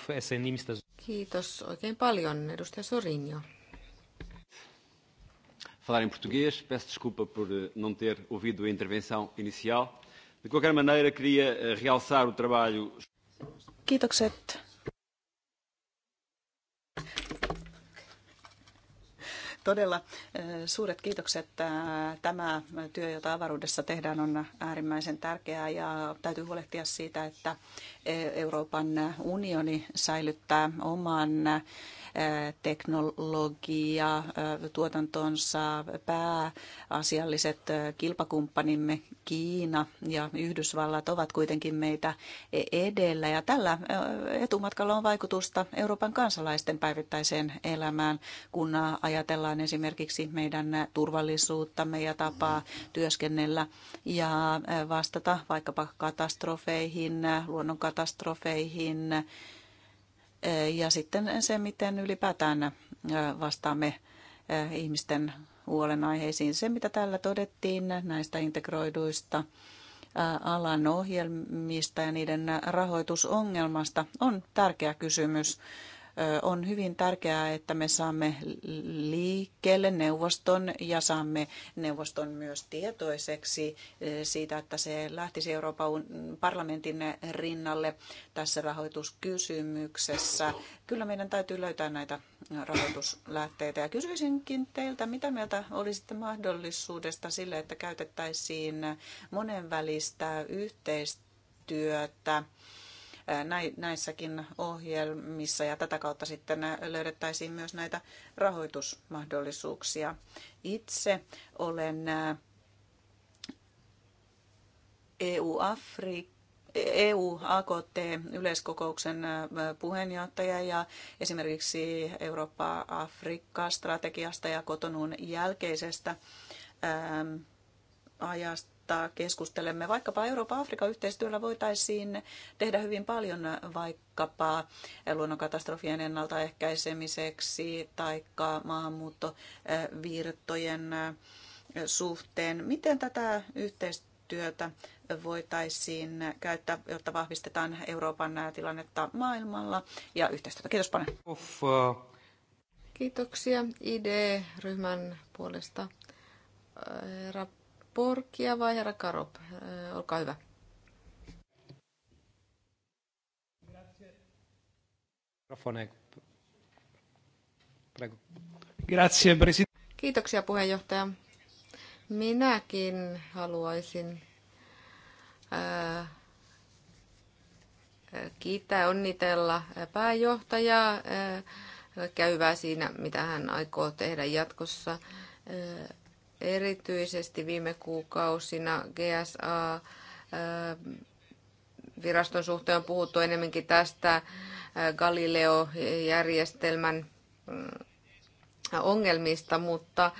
Speaker 2: Kiitos oikein paljon, edustaja Sorinjo.
Speaker 1: Falar em português, peço desculpa por eh, não ter ouvido a intervenção inicial. De qualquer maneira, queria eh, realçar o
Speaker 4: trabalho.
Speaker 3: Kiitokset. Todella eh, suuret kiitokset. Tämä työ, jota avaruudessa tehdään, on äärimmäisen tärkeää ja täytyy huolehtia siitä, että e- Euroopan unioni säilyttää oman teknologia tuotantonsa pääasialliset kilpakumppanimme Kiina ja Yhdysvallat ovat kuitenkin meitä e- edellä. Ja tällä etumatkalla on vaikutusta Euroopan kansalaisten päivittäiseen elämään, kun ajatellaan esimerkiksi meidän turvallisuuttamme ja tapaa työskennellä ja vastata vaikkapa katastrofeihin, luonnonkatastrofeihin, ja sitten se, miten ylipäätään äh, vastaamme äh, ihmisten huolenaiheisiin. Se, mitä täällä todettiin näistä integroiduista äh, alan ohjelmista ja niiden rahoitusongelmasta, on tärkeä kysymys. On hyvin tärkeää, että me saamme liikkeelle neuvoston ja saamme neuvoston myös tietoiseksi siitä, että se lähtisi Euroopan parlamentin rinnalle tässä rahoituskysymyksessä. Kyllä meidän täytyy löytää näitä rahoituslähteitä. Ja kysyisinkin teiltä, mitä mieltä olisitte mahdollisuudesta sille, että käytettäisiin monenvälistä yhteistyötä näissäkin ohjelmissa ja tätä kautta sitten löydettäisiin myös näitä rahoitusmahdollisuuksia. Itse olen EU-Afrikka e EU-AKT-yleiskokouksen puheenjohtaja ja esimerkiksi Eurooppa-Afrikka-strategiasta ja kotonun jälkeisestä ajasta mutta keskustelemme. Vaikkapa Eurooppa-Afrikan yhteistyöllä voitaisiin tehdä hyvin paljon vaikkapa luonnonkatastrofien ennaltaehkäisemiseksi tai maahanmuuttovirtojen suhteen. Miten tätä yhteistyötä voitaisiin käyttää, jotta vahvistetaan Euroopan tilannetta
Speaker 2: maailmalla
Speaker 3: ja yhteistyötä? Kiitos paljon.
Speaker 2: Kiitoksia ID-ryhmän puolesta. Herra Purkia vai herra Karop? Olkaa hyvä. Kiitoksia puheenjohtaja. Minäkin haluaisin kiittää, onnitella pääjohtajaa. käyvää siinä, mitä hän aikoo tehdä jatkossa. Erityisesti viime kuukausina GSA ähm, viraston suhteen on puhuttu enemmänkin tästä äh, Galileo-järjestelmän äh, ongelmista, mutta äh,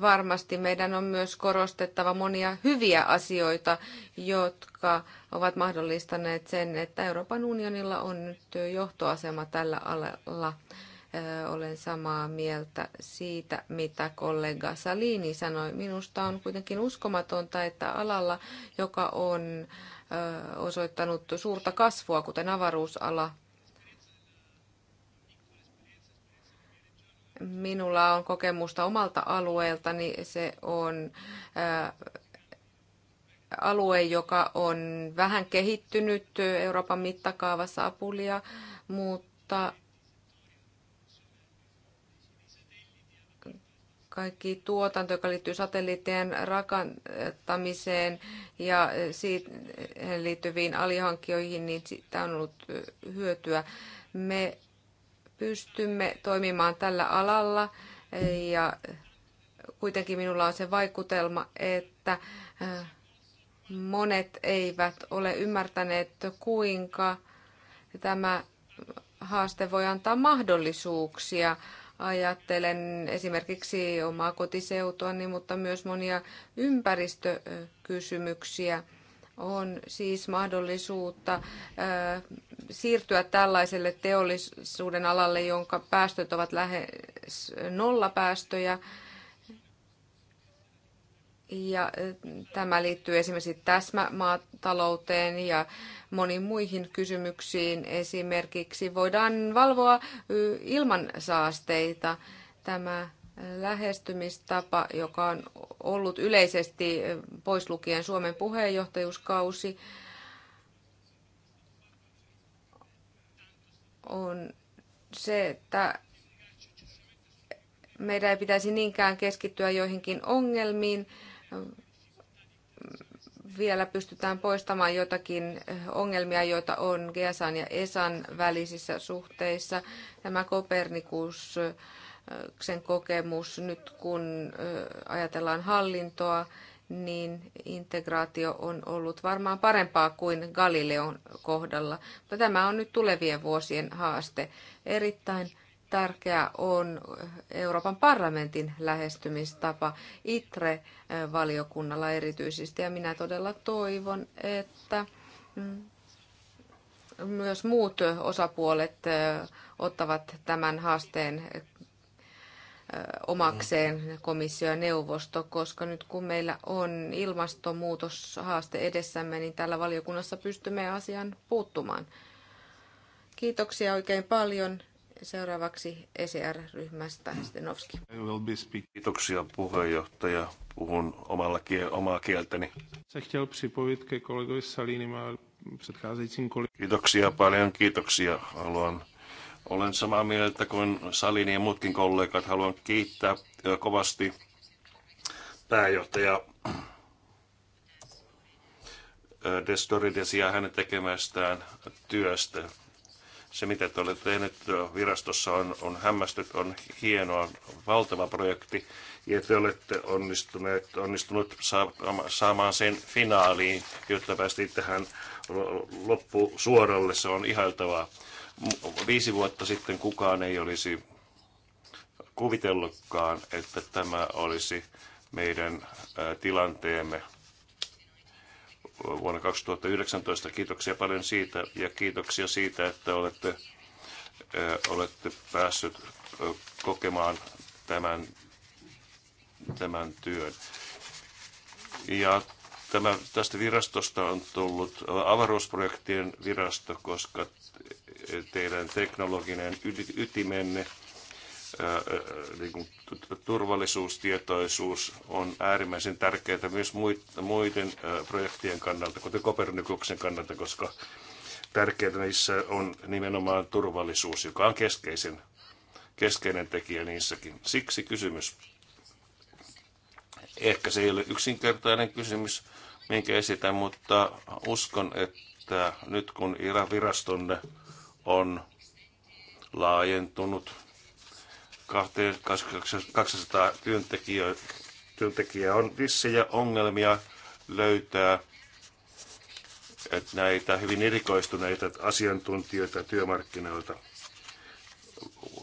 Speaker 2: varmasti meidän on myös korostettava monia hyviä asioita, jotka ovat mahdollistaneet sen, että Euroopan unionilla on nyt johtoasema tällä alalla. Olen samaa mieltä siitä, mitä kollega Salini sanoi. Minusta on kuitenkin uskomatonta, että alalla, joka on osoittanut suurta kasvua, kuten avaruusala, minulla on kokemusta omalta alueeltani. Se on alue, joka on vähän kehittynyt Euroopan mittakaavassa apulia, mutta kaikki tuotanto, joka liittyy satelliittien rakentamiseen ja siihen liittyviin alihankkijoihin, niin siitä on ollut hyötyä. Me pystymme toimimaan tällä alalla ja kuitenkin minulla on se vaikutelma, että monet eivät ole ymmärtäneet, kuinka tämä haaste voi antaa mahdollisuuksia Ajattelen esimerkiksi omaa kotiseutuani, mutta myös monia ympäristökysymyksiä on siis mahdollisuutta siirtyä tällaiselle teollisuuden alalle, jonka päästöt ovat lähes nollapäästöjä. päästöjä ja tämä liittyy esimerkiksi täsmämaatalouteen ja moniin muihin kysymyksiin. Esimerkiksi voidaan valvoa ilman saasteita. Tämä lähestymistapa, joka on ollut yleisesti poislukien Suomen puheenjohtajuuskausi, on se, että meidän ei pitäisi niinkään keskittyä joihinkin ongelmiin, vielä pystytään poistamaan jotakin ongelmia, joita on GESAN ja ESAN välisissä suhteissa. Tämä Kopernikuksen kokemus nyt kun ajatellaan hallintoa, niin integraatio on ollut varmaan parempaa kuin Galileon kohdalla. Mutta tämä on nyt tulevien vuosien haaste. Erittäin tärkeä on Euroopan parlamentin lähestymistapa ITRE-valiokunnalla erityisesti. Ja minä todella toivon, että mm, myös muut osapuolet ottavat tämän haasteen omakseen komissio ja neuvosto, koska nyt kun meillä on ilmastonmuutoshaaste edessämme, niin tällä valiokunnassa pystymme asian puuttumaan. Kiitoksia oikein paljon Seuraavaksi ECR-ryhmästä Stenovski.
Speaker 4: Kiitoksia puheenjohtaja. Puhun omalla kiel- omaa kieltäni. Kiitoksia paljon, kiitoksia. Haluan olen samaa mieltä kuin Salini ja muutkin kollegat. Haluan kiittää kovasti pääjohtaja Destoridesia hänen tekemästään työstä. Se, mitä te olette tehneet virastossa, on, on hämmästyt, on hienoa, valtava projekti. Ja te olette onnistuneet, onnistunut saamaan sen finaaliin, jotta päästiin tähän loppusuoralle. Se on ihailtavaa. Viisi vuotta sitten kukaan ei olisi kuvitellutkaan, että tämä olisi meidän tilanteemme vuonna 2019. Kiitoksia paljon siitä ja kiitoksia siitä, että olette, olette päässyt kokemaan tämän, tämän työn. Ja tämä, tästä virastosta on tullut avaruusprojektien virasto, koska teidän teknologinen ytimenne – niin kuin turvallisuustietoisuus on äärimmäisen tärkeää myös muiden projektien kannalta, kuten Kopernikuksen kannalta, koska tärkeää niissä on nimenomaan turvallisuus, joka on keskeisen, keskeinen tekijä niissäkin. Siksi kysymys. Ehkä se ei ole yksinkertainen kysymys, minkä esitän, mutta uskon, että nyt kun IRA-virastonne on laajentunut 200 työntekijää, työntekijää on vissejä ongelmia löytää Et näitä hyvin erikoistuneita asiantuntijoita työmarkkinoilta.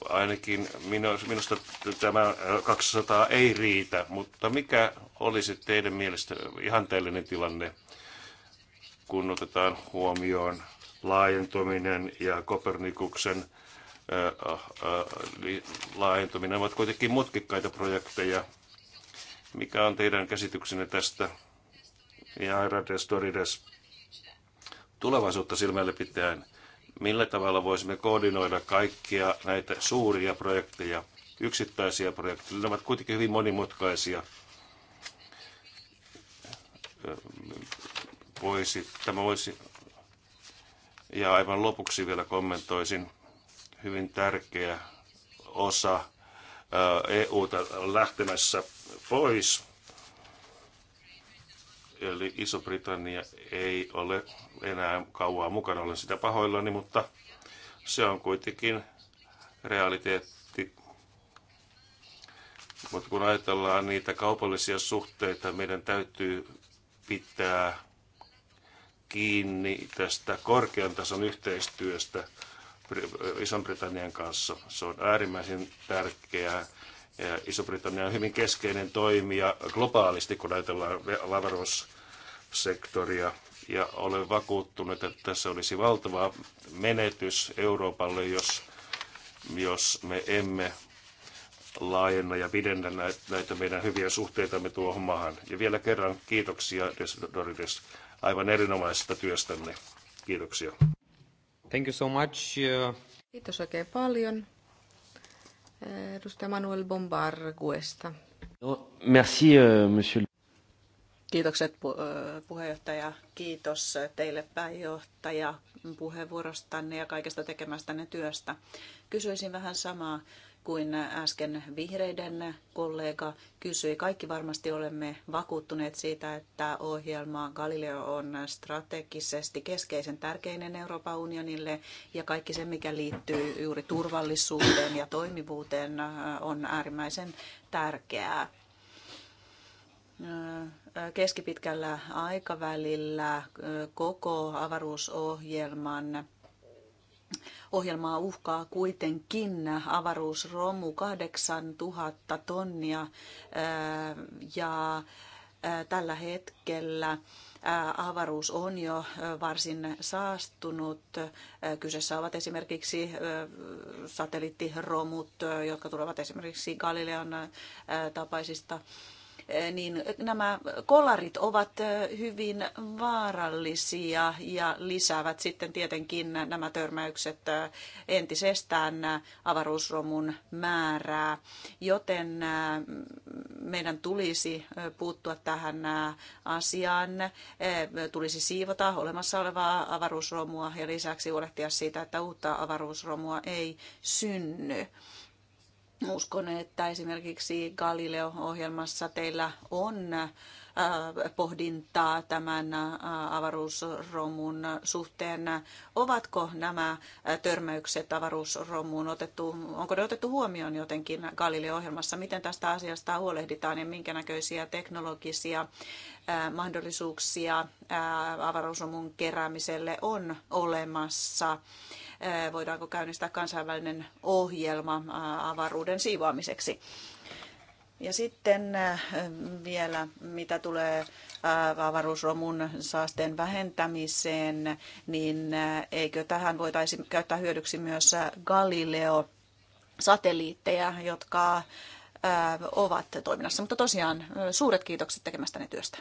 Speaker 4: Ainakin minusta tämä 200 ei riitä, mutta mikä olisi teidän mielestä ihanteellinen tilanne, kun otetaan huomioon laajentuminen ja Kopernikuksen laajentuminen ovat kuitenkin mutkikkaita projekteja. Mikä on teidän käsityksenne tästä? Ja Aerades Dorides tulevaisuutta silmälle pitäen, millä tavalla voisimme koordinoida kaikkia näitä suuria projekteja, yksittäisiä projekteja. Ne ovat kuitenkin hyvin monimutkaisia. Voisi, tämä voisi, ja aivan lopuksi vielä kommentoisin hyvin tärkeä osa EUta lähtemässä pois. Eli Iso-Britannia ei ole enää kauan mukana, olen sitä pahoillani, mutta se on kuitenkin realiteetti. Mutta kun ajatellaan niitä kaupallisia suhteita, meidän täytyy pitää kiinni tästä korkean tason yhteistyöstä – iso britannian kanssa. Se on äärimmäisen tärkeää. Iso-Britannia on hyvin keskeinen toimija globaalisti, kun ajatellaan lavaroussektoria. Ja olen vakuuttunut, että se olisi valtava menetys Euroopalle, jos, jos me emme laajenna ja pidennä näitä meidän hyviä suhteitamme tuohon maahan. Ja vielä kerran kiitoksia, Doris, aivan erinomaisesta työstänne. Kiitoksia. Thank you so much. Uh,
Speaker 2: Kiitos oikein paljon. Eh, edustaja Manuel Bombar Guesta.
Speaker 1: No, merci, uh, monsieur.
Speaker 2: Kiitokset uh,
Speaker 3: puheenjohtaja. Kiitos teille pääjohtaja puheenvuorostanne ja kaikesta tekemästänne työstä. Kysyisin vähän samaa kuin äsken vihreiden kollega kysyi. Kaikki varmasti olemme vakuuttuneet siitä, että ohjelma Galileo on strategisesti keskeisen tärkeinen Euroopan unionille ja kaikki se, mikä liittyy juuri turvallisuuteen ja toimivuuteen, on äärimmäisen tärkeää keskipitkällä aikavälillä koko avaruusohjelman Ohjelmaa uhkaa kuitenkin avaruusromu 8000 tonnia äh, ja äh, tällä hetkellä äh, avaruus on jo varsin saastunut. Kyseessä ovat esimerkiksi satelliittiromut, jotka tulevat esimerkiksi Galilean tapaisista Eh, niin nämä kolarit ovat eh, hyvin vaarallisia ja lisäävät sitten tietenkin nämä törmäykset eh, entisestään avaruusromun määrää, joten meidän tulisi puuttua tähän asiaan, tulisi siivota olemassa olevaa avaruusromua ja lisäksi huolehtia siitä, että uutta avaruusromua ei synny. Uskon, että esimerkiksi Galileo-ohjelmassa teillä on äh, pohdintaa tämän äh, avaruusromun suhteen. Ovatko nämä äh, törmäykset avaruusromuun otettu, onko ne otettu huomioon jotenkin Galileo-ohjelmassa? Miten tästä asiasta huolehditaan ja minkä näköisiä teknologisia mahdollisuuksia avaruusromun keräämiselle on olemassa? voidaanko käynnistää kansainvälinen ohjelma avaruuden siivoamiseksi. Ja sitten vielä, mitä tulee avaruusromun saasteen vähentämiseen, niin eikö tähän voitaisi käyttää hyödyksi myös Galileo-satelliitteja, jotka ovat toiminnassa. Mutta tosiaan suuret kiitokset tekemästäni työstä.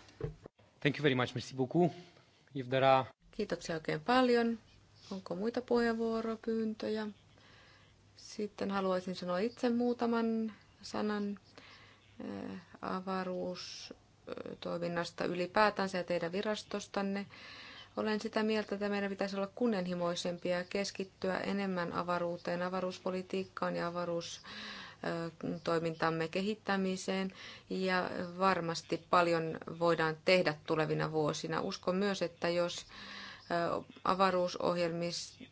Speaker 1: Thank you very much, merci beaucoup. If there are...
Speaker 2: Kiitoksia oikein paljon. Onko muita puheenvuoropyyntöjä? Sitten haluaisin sanoa itse muutaman sanan eh, avaruustoiminnasta ylipäätänsä ja teidän virastostanne. Olen sitä mieltä, että meidän pitäisi olla kunnianhimoisempia ja keskittyä enemmän avaruuteen, avaruuspolitiikkaan ja avaruus toimintamme kehittämiseen ja varmasti paljon voidaan tehdä tulevina vuosina. Uskon myös, että jos avaruusohjelmista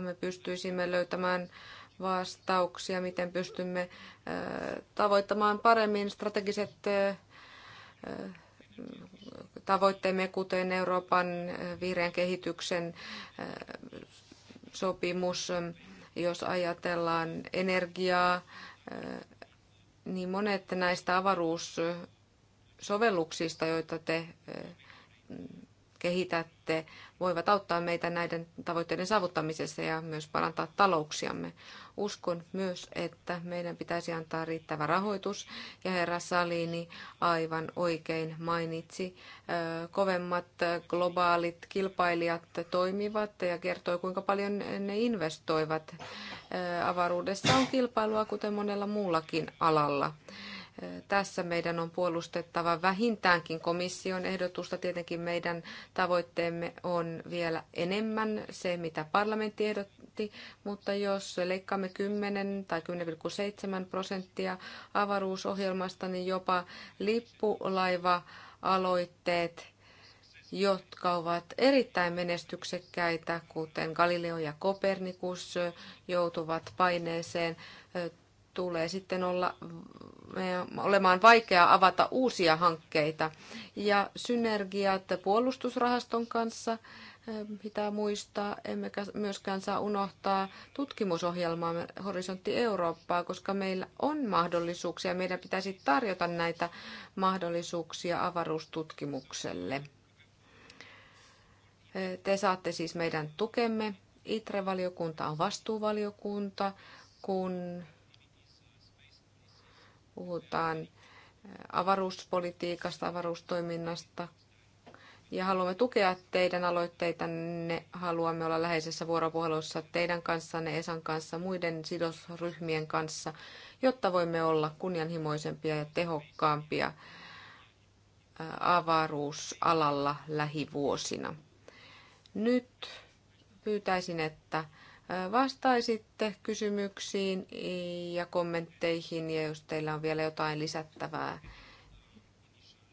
Speaker 2: me pystyisimme löytämään vastauksia, miten pystymme tavoittamaan paremmin strategiset tavoitteemme, kuten Euroopan vihreän kehityksen sopimus, jos ajatellaan energiaa, niin monet näistä avaruussovelluksista, joita te kehitätte, voivat auttaa meitä näiden tavoitteiden saavuttamisessa ja myös parantaa talouksiamme. Uskon myös, että meidän pitäisi antaa riittävä rahoitus ja herra Salini aivan oikein mainitsi. Kovemmat globaalit kilpailijat toimivat ja kertoi, kuinka paljon ne investoivat. Avaruudessa on kilpailua, kuten monella muullakin alalla. Tässä meidän on puolustettava vähintäänkin komission ehdotusta. Tietenkin meidän tavoitteemme on vielä enemmän se, mitä parlamentti ehdotti, mutta jos leikkaamme 10 tai 10,7 prosenttia avaruusohjelmasta, niin jopa lippulaiva-aloitteet jotka ovat erittäin menestyksekkäitä, kuten Galileo ja Kopernikus, joutuvat paineeseen tulee sitten olla, olemaan vaikea avata uusia hankkeita. Ja synergiat puolustusrahaston kanssa eh, pitää muistaa, emmekä myöskään saa unohtaa tutkimusohjelmaa Horisontti Eurooppaa, koska meillä on mahdollisuuksia. Meidän pitäisi tarjota näitä mahdollisuuksia avaruustutkimukselle. Eh, te saatte siis meidän tukemme. ITRE-valiokunta on vastuuvaliokunta, kun puhutaan avaruuspolitiikasta, avaruustoiminnasta. Ja haluamme tukea teidän aloitteitanne, haluamme olla läheisessä vuoropuhelussa teidän kanssanne, Esan kanssa, muiden sidosryhmien kanssa, jotta voimme olla kunnianhimoisempia ja tehokkaampia avaruusalalla lähivuosina. Nyt pyytäisin, että vastaisitte kysymyksiin ja kommentteihin, ja jos teillä on vielä jotain lisättävää,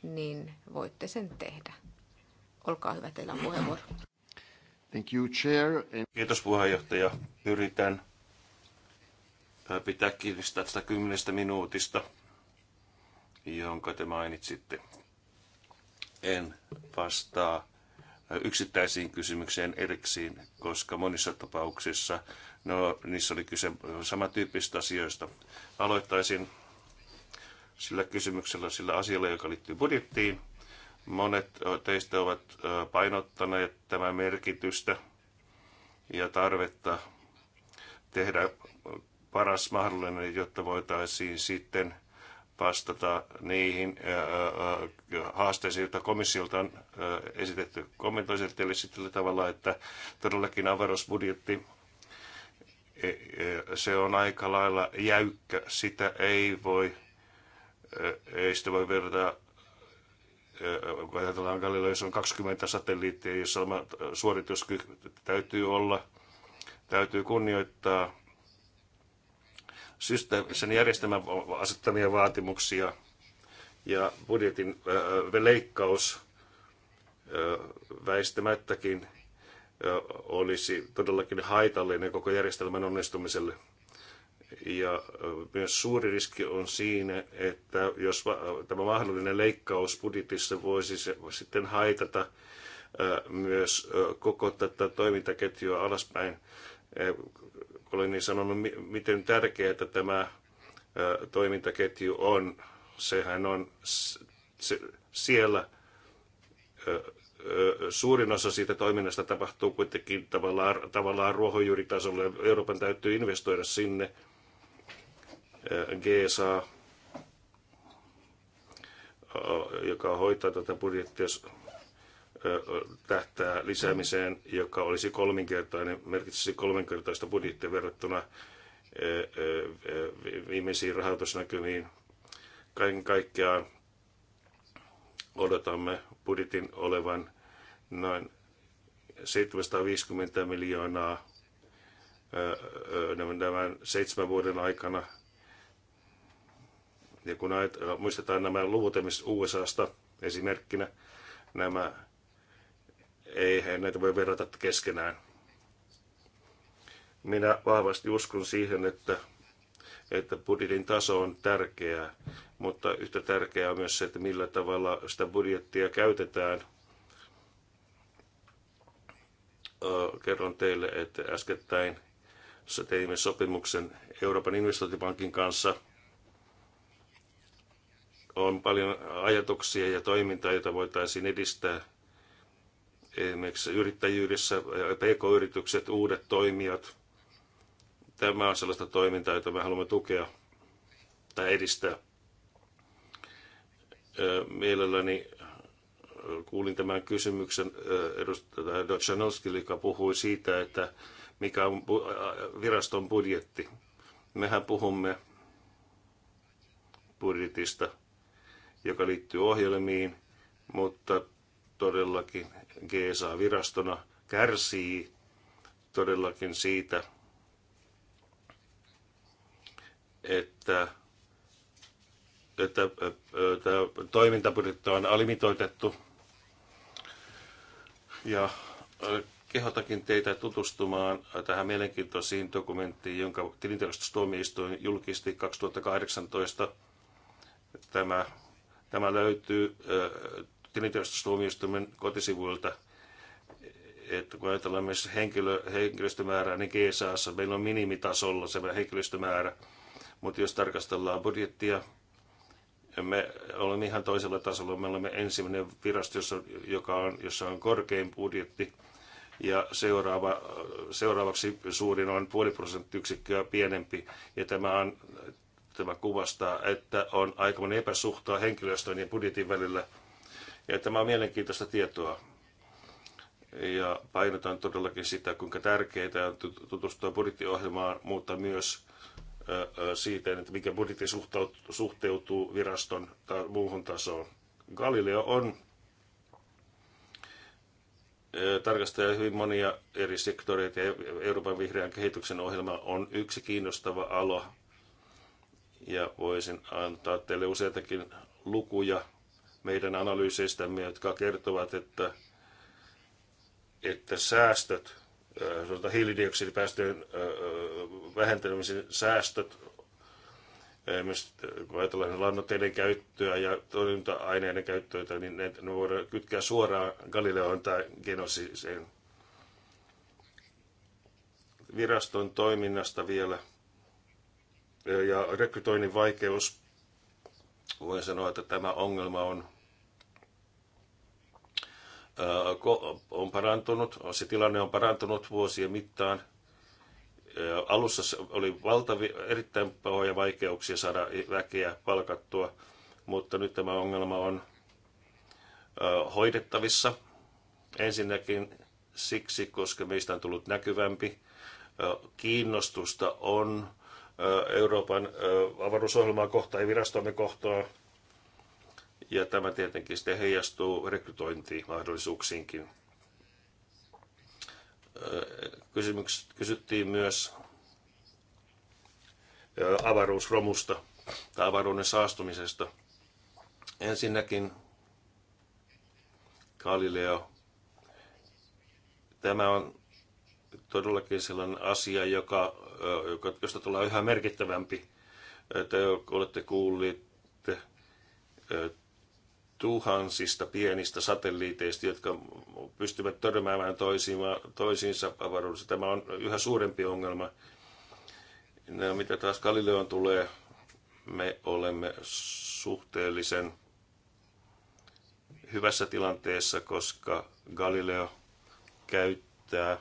Speaker 2: niin voitte sen tehdä. Olkaa hyvä, teillä on puheenvuoro.
Speaker 4: Thank you, chair. Kiitos puheenjohtaja. Yritän pitää kiinni tästä kymmenestä minuutista, jonka te mainitsitte. En vastaa yksittäisiin kysymykseen erikseen, koska monissa tapauksissa no, niissä oli kyse samantyyppisistä asioista. Aloittaisin sillä kysymyksellä, sillä asialla, joka liittyy budjettiin. Monet teistä ovat painottaneet tämän merkitystä ja tarvetta tehdä paras mahdollinen, jotta voitaisiin sitten vastata niihin haasteisiin, joita komissiolta on esitetty. Kommentoisin sillä tavalla, että todellakin avaruusbudjetti e, e, se on aika lailla jäykkä. Sitä ei voi, ei sitä voi verrata kun ajatellaan Galileo, jos on 20 satelliittia, jossa suorituskyky täytyy olla, täytyy kunnioittaa sen järjestelmän asettamia vaatimuksia ja budjetin leikkaus väistämättäkin olisi todellakin haitallinen koko järjestelmän onnistumiselle. Ja myös suuri riski on siinä, että jos tämä mahdollinen leikkaus budjetissa voisi sitten haitata myös koko tätä toimintaketjua alaspäin, olen niin sanonut, miten tärkeää tämä toimintaketju on. Sehän on se, siellä suurin osa siitä toiminnasta tapahtuu kuitenkin tavallaan, tavallaan ruohonjuuritasolla. Euroopan täytyy investoida sinne. GSA, joka hoitaa tätä budjettia tähtää lisäämiseen, joka olisi kolminkertainen, merkitsisi kolminkertaista budjettia verrattuna viimeisiin rahoitusnäkymiin. Kaiken kaikkiaan odotamme budjetin olevan noin 750 miljoonaa tämän seitsemän vuoden aikana. Ja kun muistetaan nämä luvut esimerkiksi USAsta esimerkkinä, nämä Eihän näitä voi verrata keskenään. Minä vahvasti uskon siihen, että, että budjetin taso on tärkeää, mutta yhtä tärkeää on myös se, että millä tavalla sitä budjettia käytetään – kerron teille, että äskettäin teimme sopimuksen Euroopan investointipankin kanssa. On paljon ajatuksia ja toimintaa, jota voitaisiin edistää esimerkiksi yrittäjyydessä, pk-yritykset, uudet toimijat. Tämä on sellaista toimintaa, jota me haluamme tukea tai edistää. Mielelläni kuulin tämän kysymyksen edustaja Dojanowskille, joka puhui siitä, että mikä on viraston budjetti. Mehän puhumme budjetista, joka liittyy ohjelmiin, mutta todellakin GSA-virastona kärsii todellakin siitä, että että toimintabudjetta on alimitoitettu. Ja äh, kehotakin teitä tutustumaan tähän mielenkiintoisiin dokumenttiin, jonka tilintarkastustuomioistuin julkisti 2018. Tämä, tämä löytyy äh, tilintarkastustuomioistuimen kotisivuilta, että kun ajatellaan myös henkilö, henkilöstömäärää, niin GSAssa meillä on minimitasolla se henkilöstömäärä, mutta jos tarkastellaan budjettia, me olemme ihan toisella tasolla. Me olemme ensimmäinen virasto, jossa, joka on, jossa on korkein budjetti, ja seuraava, seuraavaksi suurin on puoli prosenttiyksikköä pienempi. Ja tämä, on, tämä kuvastaa, että on aikamoinen epäsuhtaa henkilöstön ja budjetin välillä – ja tämä on mielenkiintoista tietoa. Ja painotan todellakin sitä, kuinka tärkeää on tutustua budjettiohjelmaan, mutta myös siitä, että mikä budjetti suhteutuu viraston tai muuhun tasoon. Galileo on tarkastelee hyvin monia eri sektoreita ja Euroopan vihreän kehityksen ohjelma on yksi kiinnostava alo. Ja voisin antaa teille useitakin lukuja meidän analyyseistämme, jotka kertovat, että, että säästöt, hiilidioksidipäästöjen vähentämisen säästöt, myös ajatellaan lannoitteiden käyttöä ja torjunta-aineiden käyttöä, niin ne, ne voidaan kytkeä suoraan Galileoon tai Genosiseen. Viraston toiminnasta vielä ja rekrytoinnin vaikeus. Voin sanoa, että tämä ongelma on on parantunut, se tilanne on parantunut vuosien mittaan. Alussa oli valtavia erittäin pahoja vaikeuksia saada väkeä palkattua, mutta nyt tämä ongelma on hoidettavissa. Ensinnäkin siksi, koska meistä on tullut näkyvämpi. Kiinnostusta on Euroopan avaruusohjelmaa kohtaan ja virastomme kohtaan ja tämä tietenkin sitten heijastuu rekrytointimahdollisuuksiinkin. Kysymyks, kysyttiin myös avaruusromusta tai avaruuden saastumisesta. Ensinnäkin Galileo. Tämä on todellakin sellainen asia, joka, joka, josta tulee yhä merkittävämpi. Te olette kuulleet tuhansista pienistä satelliiteista, jotka pystyvät törmäämään toisiinsa avaruudessa. Tämä on yhä suurempi ongelma. No, mitä taas Galileon tulee, me olemme suhteellisen hyvässä tilanteessa, koska Galileo käyttää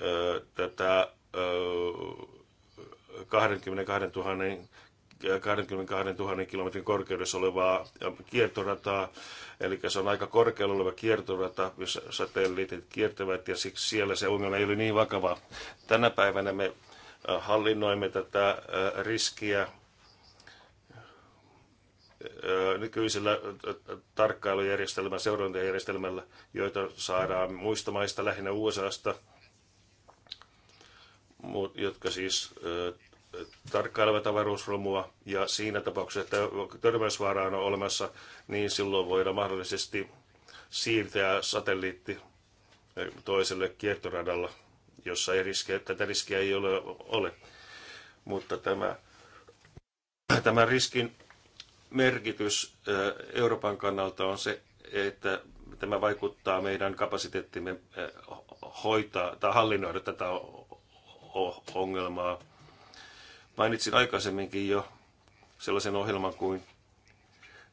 Speaker 4: ö, tätä ö, 22 000 22 000 kilometrin korkeudessa olevaa ähm, kiertorataa, eli se on aika korkealla oleva kiertorata, jos satelliitit kiertävät, ja siksi siellä se ongelma ei ole niin vakava. Tänä päivänä me äh, hallinnoimme tätä äh, riskiä äh, nykyisellä tarkkailujärjestelmällä, seurantajärjestelmällä, joita saadaan muista maista, lähinnä USAsta, jotka siis tarkkailevat avaruusromua ja siinä tapauksessa, että törmäysvaara on olemassa, niin silloin voidaan mahdollisesti siirtää satelliitti eh, toiselle kiertoradalla, jossa ei riske, tätä riskiä ei ole. ole. Mutta tämä, tämä riskin merkitys eh, Euroopan kannalta on se, että tämä vaikuttaa meidän kapasiteettimme eh, hoitaa tai hallinnoida tätä ongelmaa Mainitsin aikaisemminkin jo sellaisen ohjelman kuin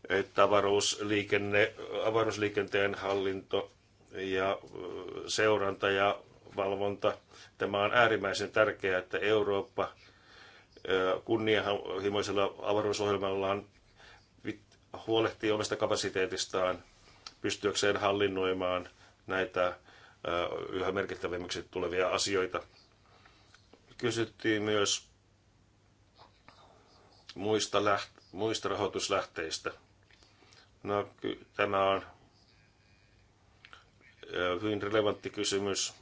Speaker 4: että avaruusliikenne, avaruusliikenteen hallinto ja seuranta ja valvonta. Tämä on äärimmäisen tärkeää, että Eurooppa kunnianhimoisella avaruusohjelmallaan huolehtii omasta kapasiteetistaan pystyäkseen hallinnoimaan näitä yhä merkittävimmiksi tulevia asioita. Kysyttiin myös muista, läht, muista rahoituslähteistä. No, tämä on hyvin relevantti kysymys.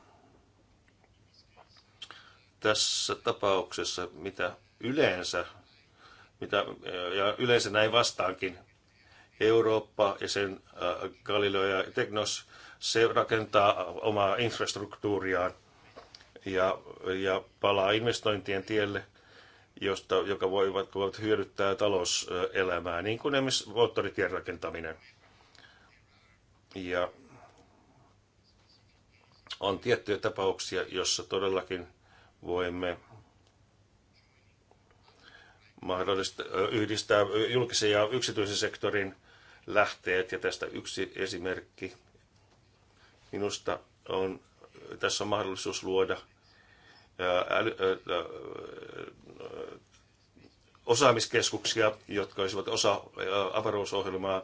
Speaker 4: Tässä tapauksessa, mitä yleensä, mitä, ja yleensä näin vastaankin, Eurooppa ja sen Galileo ja Teknos, se rakentaa omaa infrastruktuuriaan ja, ja palaa investointien tielle – josta, joka voi voivat hyödyttää talouselämää, niin kuin esimerkiksi moottoritien rakentaminen. Ja on tiettyjä tapauksia, jossa todellakin voimme mahdollista yhdistää julkisen ja yksityisen sektorin lähteet. Ja tästä yksi esimerkki minusta on, tässä on mahdollisuus luoda – äly, ö, osaamiskeskuksia, jotka olisivat osa avaruusohjelmaa,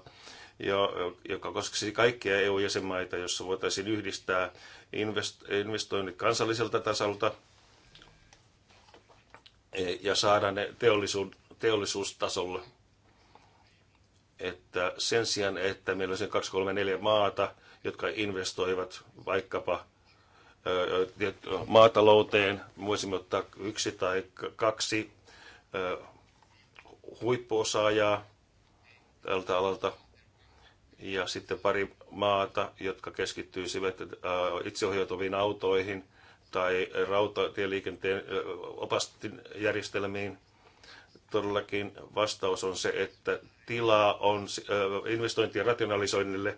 Speaker 4: joka koskisi kaikkia EU-jäsenmaita, jossa voitaisiin yhdistää investoinnit kansalliselta tasolta e, ja saada ne teollisuus, teollisuustasolle. Että sen sijaan, että meillä on se 2-3-4 maata, jotka investoivat vaikkapa maatalouteen. Voisimme ottaa yksi tai kaksi huippuosaajaa tältä alalta ja sitten pari maata, jotka keskittyisivät itseohjautuviin autoihin tai rautatieliikenteen opastinjärjestelmiin. Todellakin vastaus on se, että tilaa on investointien rationalisoinnille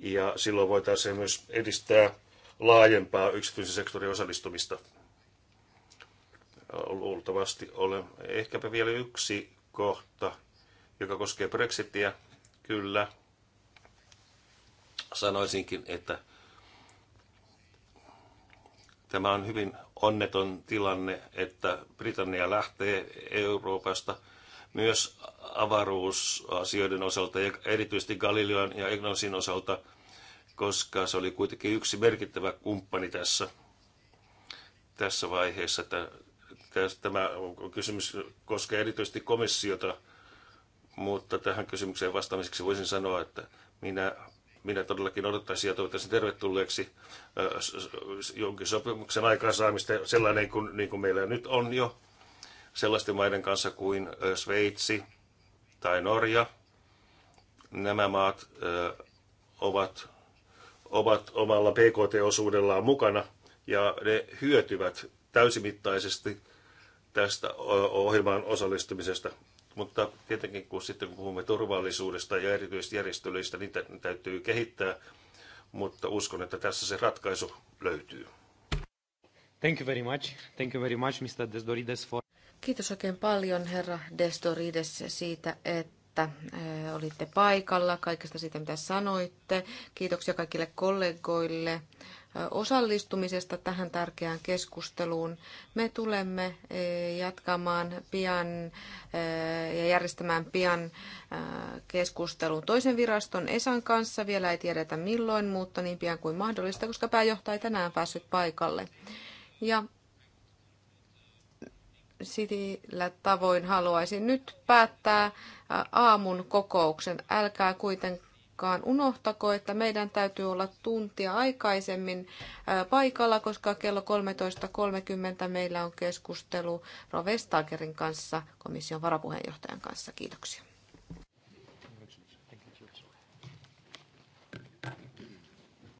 Speaker 4: ja silloin voitaisiin myös edistää laajempaa yksityisen sektorin osallistumista. Luultavasti olen. Ehkäpä vielä yksi kohta, joka koskee Brexitia. Kyllä. Sanoisinkin, että tämä on hyvin onneton tilanne, että Britannia lähtee Euroopasta myös avaruusasioiden osalta ja erityisesti Galileon ja Egnosin osalta – koska se oli kuitenkin yksi merkittävä kumppani tässä, tässä vaiheessa. Tämä kysymys koskee erityisesti komissiota, mutta tähän kysymykseen vastaamiseksi voisin sanoa, että minä, minä todellakin odottaisin ja toivottaisin tervetulleeksi jonkin sopimuksen aikaansaamista sellainen kuin, niin kuin meillä nyt on jo sellaisten maiden kanssa kuin Sveitsi tai Norja. Nämä maat ovat ovat omalla PKT-osuudellaan mukana ja ne hyötyvät täysimittaisesti tästä ohjelmaan osallistumisesta. Mutta tietenkin kun sitten puhumme turvallisuudesta ja erityisesti järjestelyistä, niitä täytyy kehittää, mutta uskon, että tässä se ratkaisu löytyy.
Speaker 1: Thank you very much. Thank you very much, Mr. Desdorides. For...
Speaker 2: Kiitos oikein paljon, herra Desdorides, siitä, että että olitte paikalla, kaikesta siitä, mitä sanoitte. Kiitoksia kaikille kollegoille osallistumisesta tähän tärkeään keskusteluun. Me tulemme jatkamaan pian ja järjestämään pian keskustelun toisen viraston Esan kanssa. Vielä ei tiedetä milloin, mutta niin pian kuin mahdollista, koska pääjohtaja ei tänään päässyt paikalle. Ja sillä tavoin haluaisin nyt päättää aamun kokouksen. Älkää kuitenkaan unohtako, että meidän täytyy olla tuntia aikaisemmin paikalla, koska kello 13.30 meillä on keskustelu Rovestagerin kanssa, komission varapuheenjohtajan kanssa.
Speaker 4: Kiitoksia.